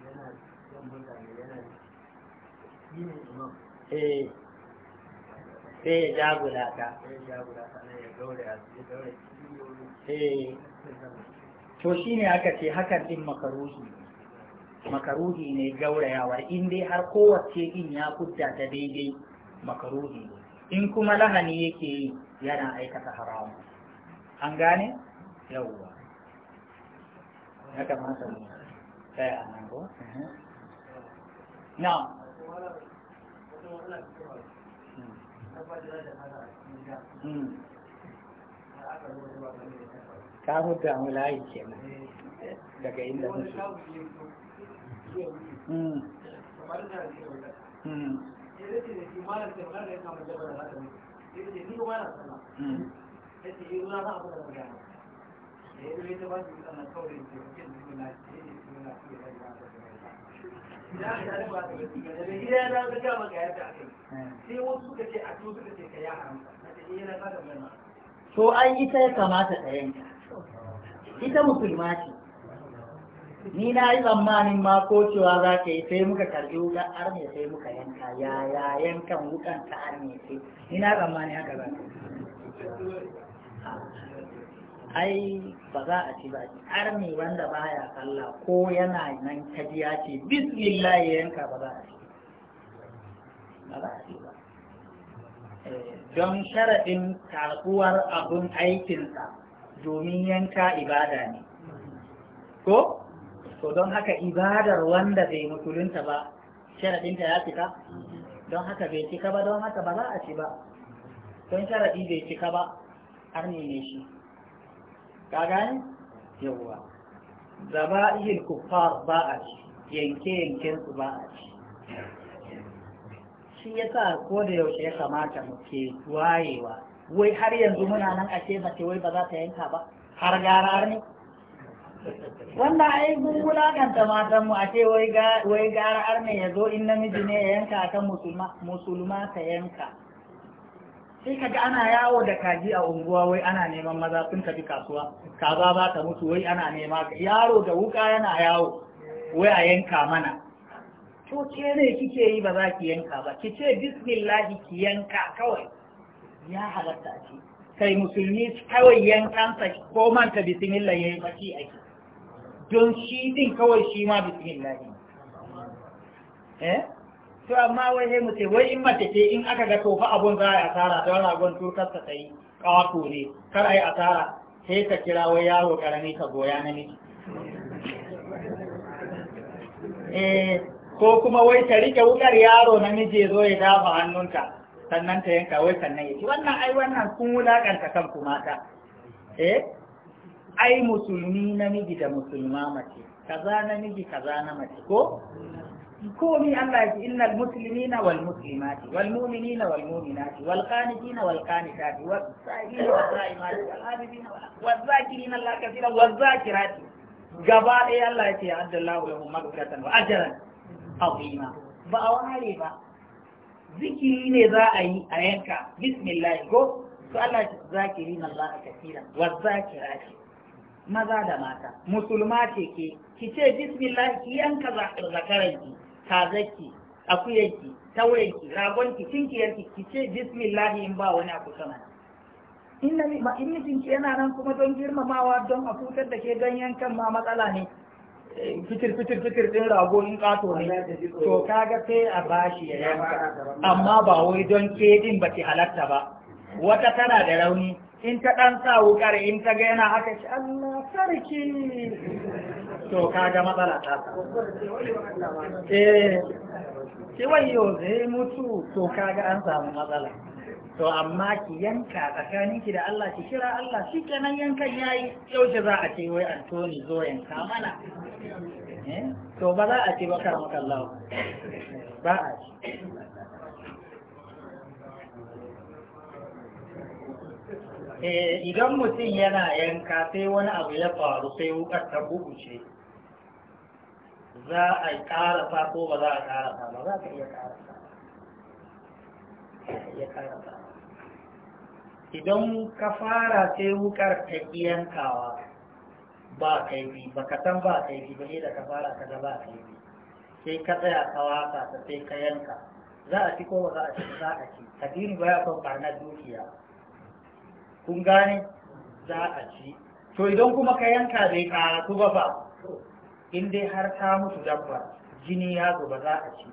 yana eh. eh. sai ya jagula ka eh. to shi ne aka ce hakan din makaruhi makaruhi ne gaurayawar in dai har kowace in ya kudda ta daidai makaruhi ne in kuma lahani yake yana aikata haramu an gane yawwa ya kamata mu tsaya a nan ko mhm. na ka huta mu layi kenan daga inda muke hmm. hmm. Thank to an ita ya kamata ta yanka ita musulma ce ni na yi tsammanin ma ko cewa za ka yi sai muka karbi wukan arme sai muka yanka ya ya yankan wukan ta arme sai ni na tsammanin haka za ka yi ai ba za a ci ba har armi wanda baya kalla ko yana nan kajiya ce bismillah ya yanka ba za a ci ba za a ci ba eh, don sharaɗin karɓuwar abun aikinsa domin yanka ibada ne ko to don haka ibadar wanda bai musulunta ba sharaɗinta ya cika don haka bai cika ba don haka ba za a ci ba don sharaɗi bai cika ba har ne shi ka gane yawwa zaba'il kuffar ba a ci yanke yanken su ba a ci shi sa ko da yaushe ya kamata mu ke wayewa wai har yanzu muna nan a ce mace wai ba za ta yanka ba har gara ne Wanda wannan ai mun wulakanta matan mu a ce wai gara ne ya zo in namiji ne ya yanka akan musulma ta yanka sai kaga ana yawo da kaji a unguwa wai ana neman maza sun tafi kasuwa kaza ba ta mutu wai ana nema yaro da wuka yana yawo wai a yanka mana to ce ne kike yi ba za ki yanka ba ki ce bismillahi ki yanka kawai ya halatta ce kai musulmi kawai yankan sa ko manta bismillah yayi baki ake don shi din kawai shi ma bismillahi eh to amma wai sai mu ce wai in mace ce in aka ga tofa abun za a yi asara don ragon turkar ta yi kawato ne kar a yi asara sai ka kira wai yaro karami ka goya na miji eh ko kuma wai ta rike wukar yaro namiji ya zo ya dafa hannunta sannan ta yanka wai sannan ya ci wannan ai wannan kun kan kanku mata eh ai musulmi namiji da musulma mace kaza namiji kaza na mace ko komi Allah ya innal muslimina wal muslimati wal mu'minina wal mu'minati wal qanitina wal qanitati was sa'ilina was sa'imati wal abidina wal zakirina Allah kathira wal zakirati gaba ɗaya Allah ya ce ya addallahu lahum maghfiratan wa ajran azima ba a ware ba zikiri ne za a yi a yanka bismillah ko to Allah ya zakirina Allah kathira wal zakirati maza da mata musulma ce ke ki ce bismillah ki yanka zakaranki kazaki akuyanki tawayanki ragonki cinkiyarki ki ce in ba wani abu sama in na in yana nan kuma don girmamawa don a futar da ke ganyen kan ma matsala ne eh, fitir fitir fitir din rago in kato ne to kaga sai a bashi ya yanka amma ba wai don ke din ba ki halatta ba wata tana da rauni in ta dan sa wukar in ta ga yana haka shi Allah sarki to kaga matsala ta ki eh, wayo zai mutu to kaga an samu matsala to amma ki yanka tsakanin ki da Allah ki kira Allah shi kenan yankan yayi yaushe za a ce wai Antoni zo yanka mana eh, to ba za a ce ba maka Allah ba a ce eh, idan mutum yana yanka sai wani abu ya faru sai wukar ta bugu ce za a ƙarafa ko ba za a ƙarafa, ba za ka iya karasa iya ƙarafa. idan ka fara sai wukar ta yankawa ba kaifi ba ka san ba kaifi ba ne da ka fara ka ga ba kaifi sai ka tsaya ka waka ta sai ka yanka za a ci ko ba za a ci za a ci ba baya son barnar dukiya kun gane za a ci to idan kuma ka yanka bai karatu ba ba in dai har ta mutu dabba jini ya zo ba za a ci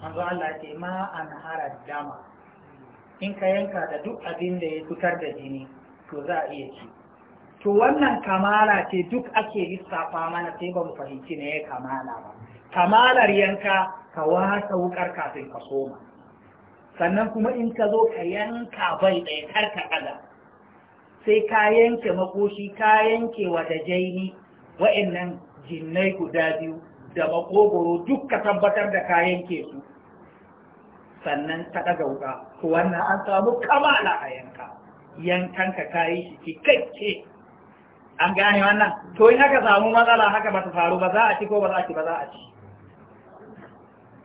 manzo Allah ya ce ma an hara dama in ka yanka da duk abin da ya fitar da jini to za a iya ci to wannan kamala ce duk ake lissafa mana sai ba mu fahimci ne ya kamala ba kamalar yanka ka wasa wukar kafin ka soma sannan kuma in ka zo ka yanka bai ɗaya kar ka ɗaga sai ka yanke makoshi ka yanke wa da jaini wa'annan jinnai guda biyu da makogoro duk ka tabbatar da kayan ke su sannan ta ɗaga wuka wannan an samu kamala a yanka yankan ka yi shi cikakke an gane wannan to yi haka samu matsala haka ba ta faru ba za a ci ko ba za a ci ba za a ci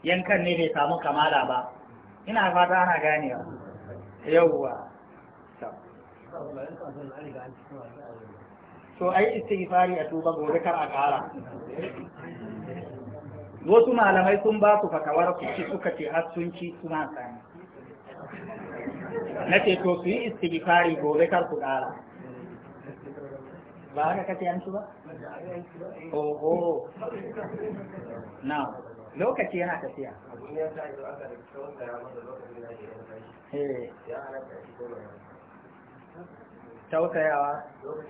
yankan ne bai samu kamala ba ina fata ana ganewa yauwa to ai istighfari a tuba gobe kar a ƙara wasu malamai sun ba su fatawar su ci suka ce har sun ci suna sani na ce to su yi istighfari gobe kar ku kara ba haka kace an ci ba oho na lokaci yana tafiya Eh. tausayawa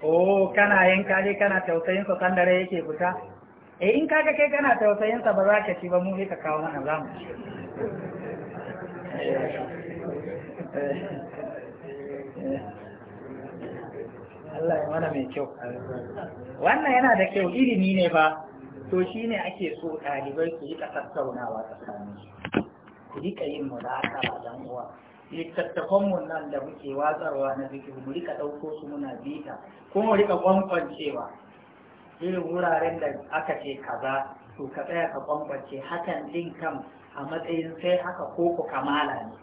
oh kana yin kaje kana tausayin sa san dare yake fita eh in kaga kai kana tausayin sa ba za ka ci ba mu ka kawo mana zamu Allah ya mana mai kyau wannan yana da kyau ilimi ne ba to shine ake so ɗalibai su yi ƙasar tsaunawa tsakanin su ku rika yin mulaka ba dan uwa mu nan da muke watsarwa na zikiru mu rika ɗauko su muna bita ko mu rika kwankwancewa irin wuraren da aka ce kaza to ka tsaya ka kwankwance hakan din kam a matsayin sai haka koko kamala ne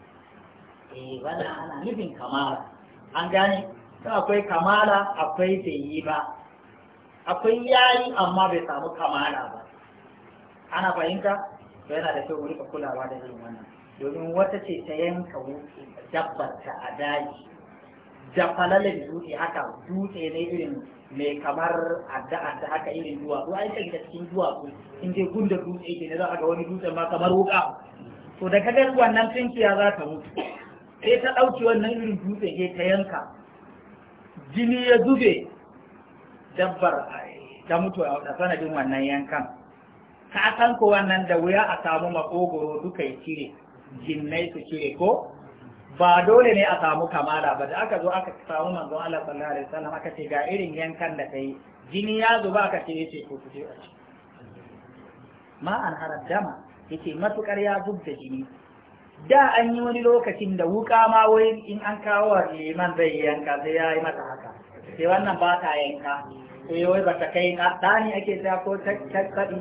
eh wannan ana nufin kamala an gane to akwai kamala akwai bai yi ba akwai yayi amma bai samu kamala ba ana fahimta to yana da kyau mu rika kulawa da irin wannan domin wata ce ta yanka wuce dabbarta a daji da dutse haka dutse ne irin mai kamar adda'adda haka irin duwatsu ai kai da cikin duwatsu in dai gunda dutse ke ne za a ga wani dutse ma kamar wuka to da kaga wannan tunkiya za ta mutu sai ta ɗauki wannan irin dutse ke ta yanka jini ya zube dabbar ta mutu a sanadin wannan yankan ka san ko wannan da wuya a samu makogoro duka ya cire jinnai su ce ko ba dole ne a samu kamala ba da aka zo aka samu manzon Allah sallallahu alaihi wasallam aka ce ga irin yankan da kai jini ya zuba ka ce yace ko ku ce ma an haraddama yace matukar ya zubda jini da an yi wani lokacin da wuka ma wai in an kawo wa liman zai yanka sai ya yi mata haka sai wannan ba ta yanka sai wai ba ta kai ɗani ake ta ko ta tsadi saɗi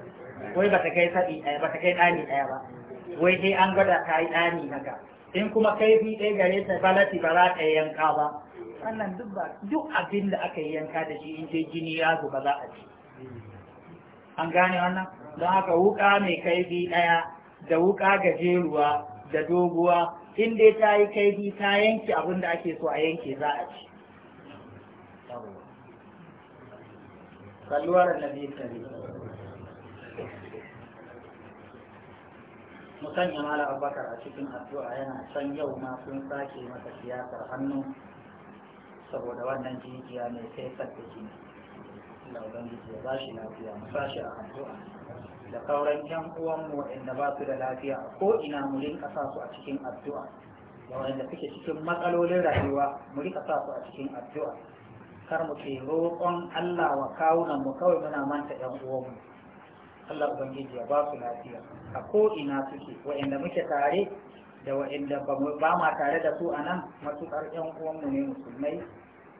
wai ba ta kai saɗi ɗaya ba ta kai ɗani ɗaya ba wai dai an gwada ta yi ɗani haka in kuma kai bi ɗaya gare ta balati ba za ta yanka ba wannan duk ba duk abin da aka yi yanka da shi in dai jini ya zuba za a ci an gane wannan don haka wuka mai kai bi ɗaya da wuka gajeruwa da doguwa in dai ta yi kai bi ta yanke abin da ake so a yanke za a ci da annabi sallallahu musanya mala abubakar a cikin addu'a yana san yau ma sun sake masa siyasar hannu saboda wannan jijiya mai sai da jini lauran jijiya ba shi lafiya mu sashi a addu'a da kauran yan uwanmu inda ba su da lafiya ko ina mu rinka sa su a cikin addu'a da wanda suke cikin matsalolin rayuwa mu rinka sa su a cikin addu'a kar mu ke roƙon Allah wa kawunan mu kawai muna manta yan uwanmu Allah Ubangiji ya ba su lafiya a ko'ina suke wa'inda muke tare da wa'inda ba ma tare da su a nan matuƙar ‘yan uwanmu ne musulmai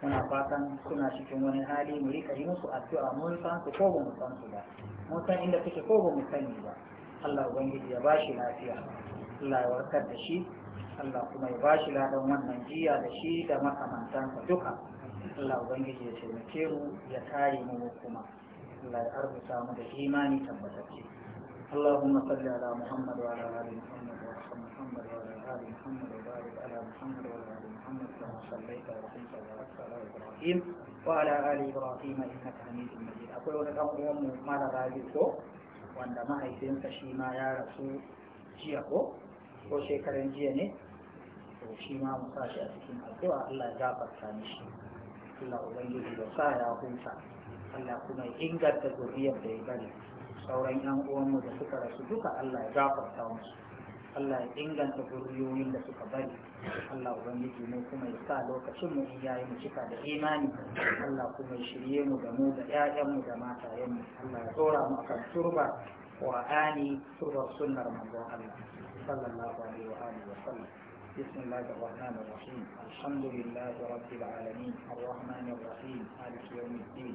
muna fatan suna cikin wani hali mu rika yi musu addu'a mun san su ko ba mu san su ba mun san inda suke ko ba mu sani ba Allah Ubangiji ya ba shi lafiya Allah ya warkar da shi Allah kuma ya ba shi ladan wannan jiya da shi da makamantansa duka Allah Ubangiji ya taimake mu ya kare mu kuma Allah ya arzuta mu da imani tabbatacce اللهم صل على محمد وعلى ال محمد وارحم محمد وعلى ال محمد وبارك على محمد وعلى ال محمد كما صليت ورحمت وباركت على ابراهيم وعلى ال ابراهيم انك حميد مجيد اقول لك mara ما ko wanda mahaifinsa shi ma ya rasu jiya ko ko shekaran jiya ne to shi ma mu sa shi a cikin addu'a Allah ya gafarta mishi Allah ubangiji ya sa ya huta Allah kuma ya inganta zuriyar da ya bari sauran yan uwanmu da suka rasu duka Allah ya gafarta musu Allah ya inganta zuriyoyin da suka bari Allah ubangiji mu kuma ya sa lokacin mu in yayi mu cika da imani Allah kuma ya shirye mu da mu da mu da mu Allah ya tsora mu akan turba Qur'ani turbar sunnar manzo Allah sallallahu alaihi wa alihi wa sallam بسم الله الرحمن الرحيم الحمد لله رب العالمين الرحمن الرحيم مالك يوم الدين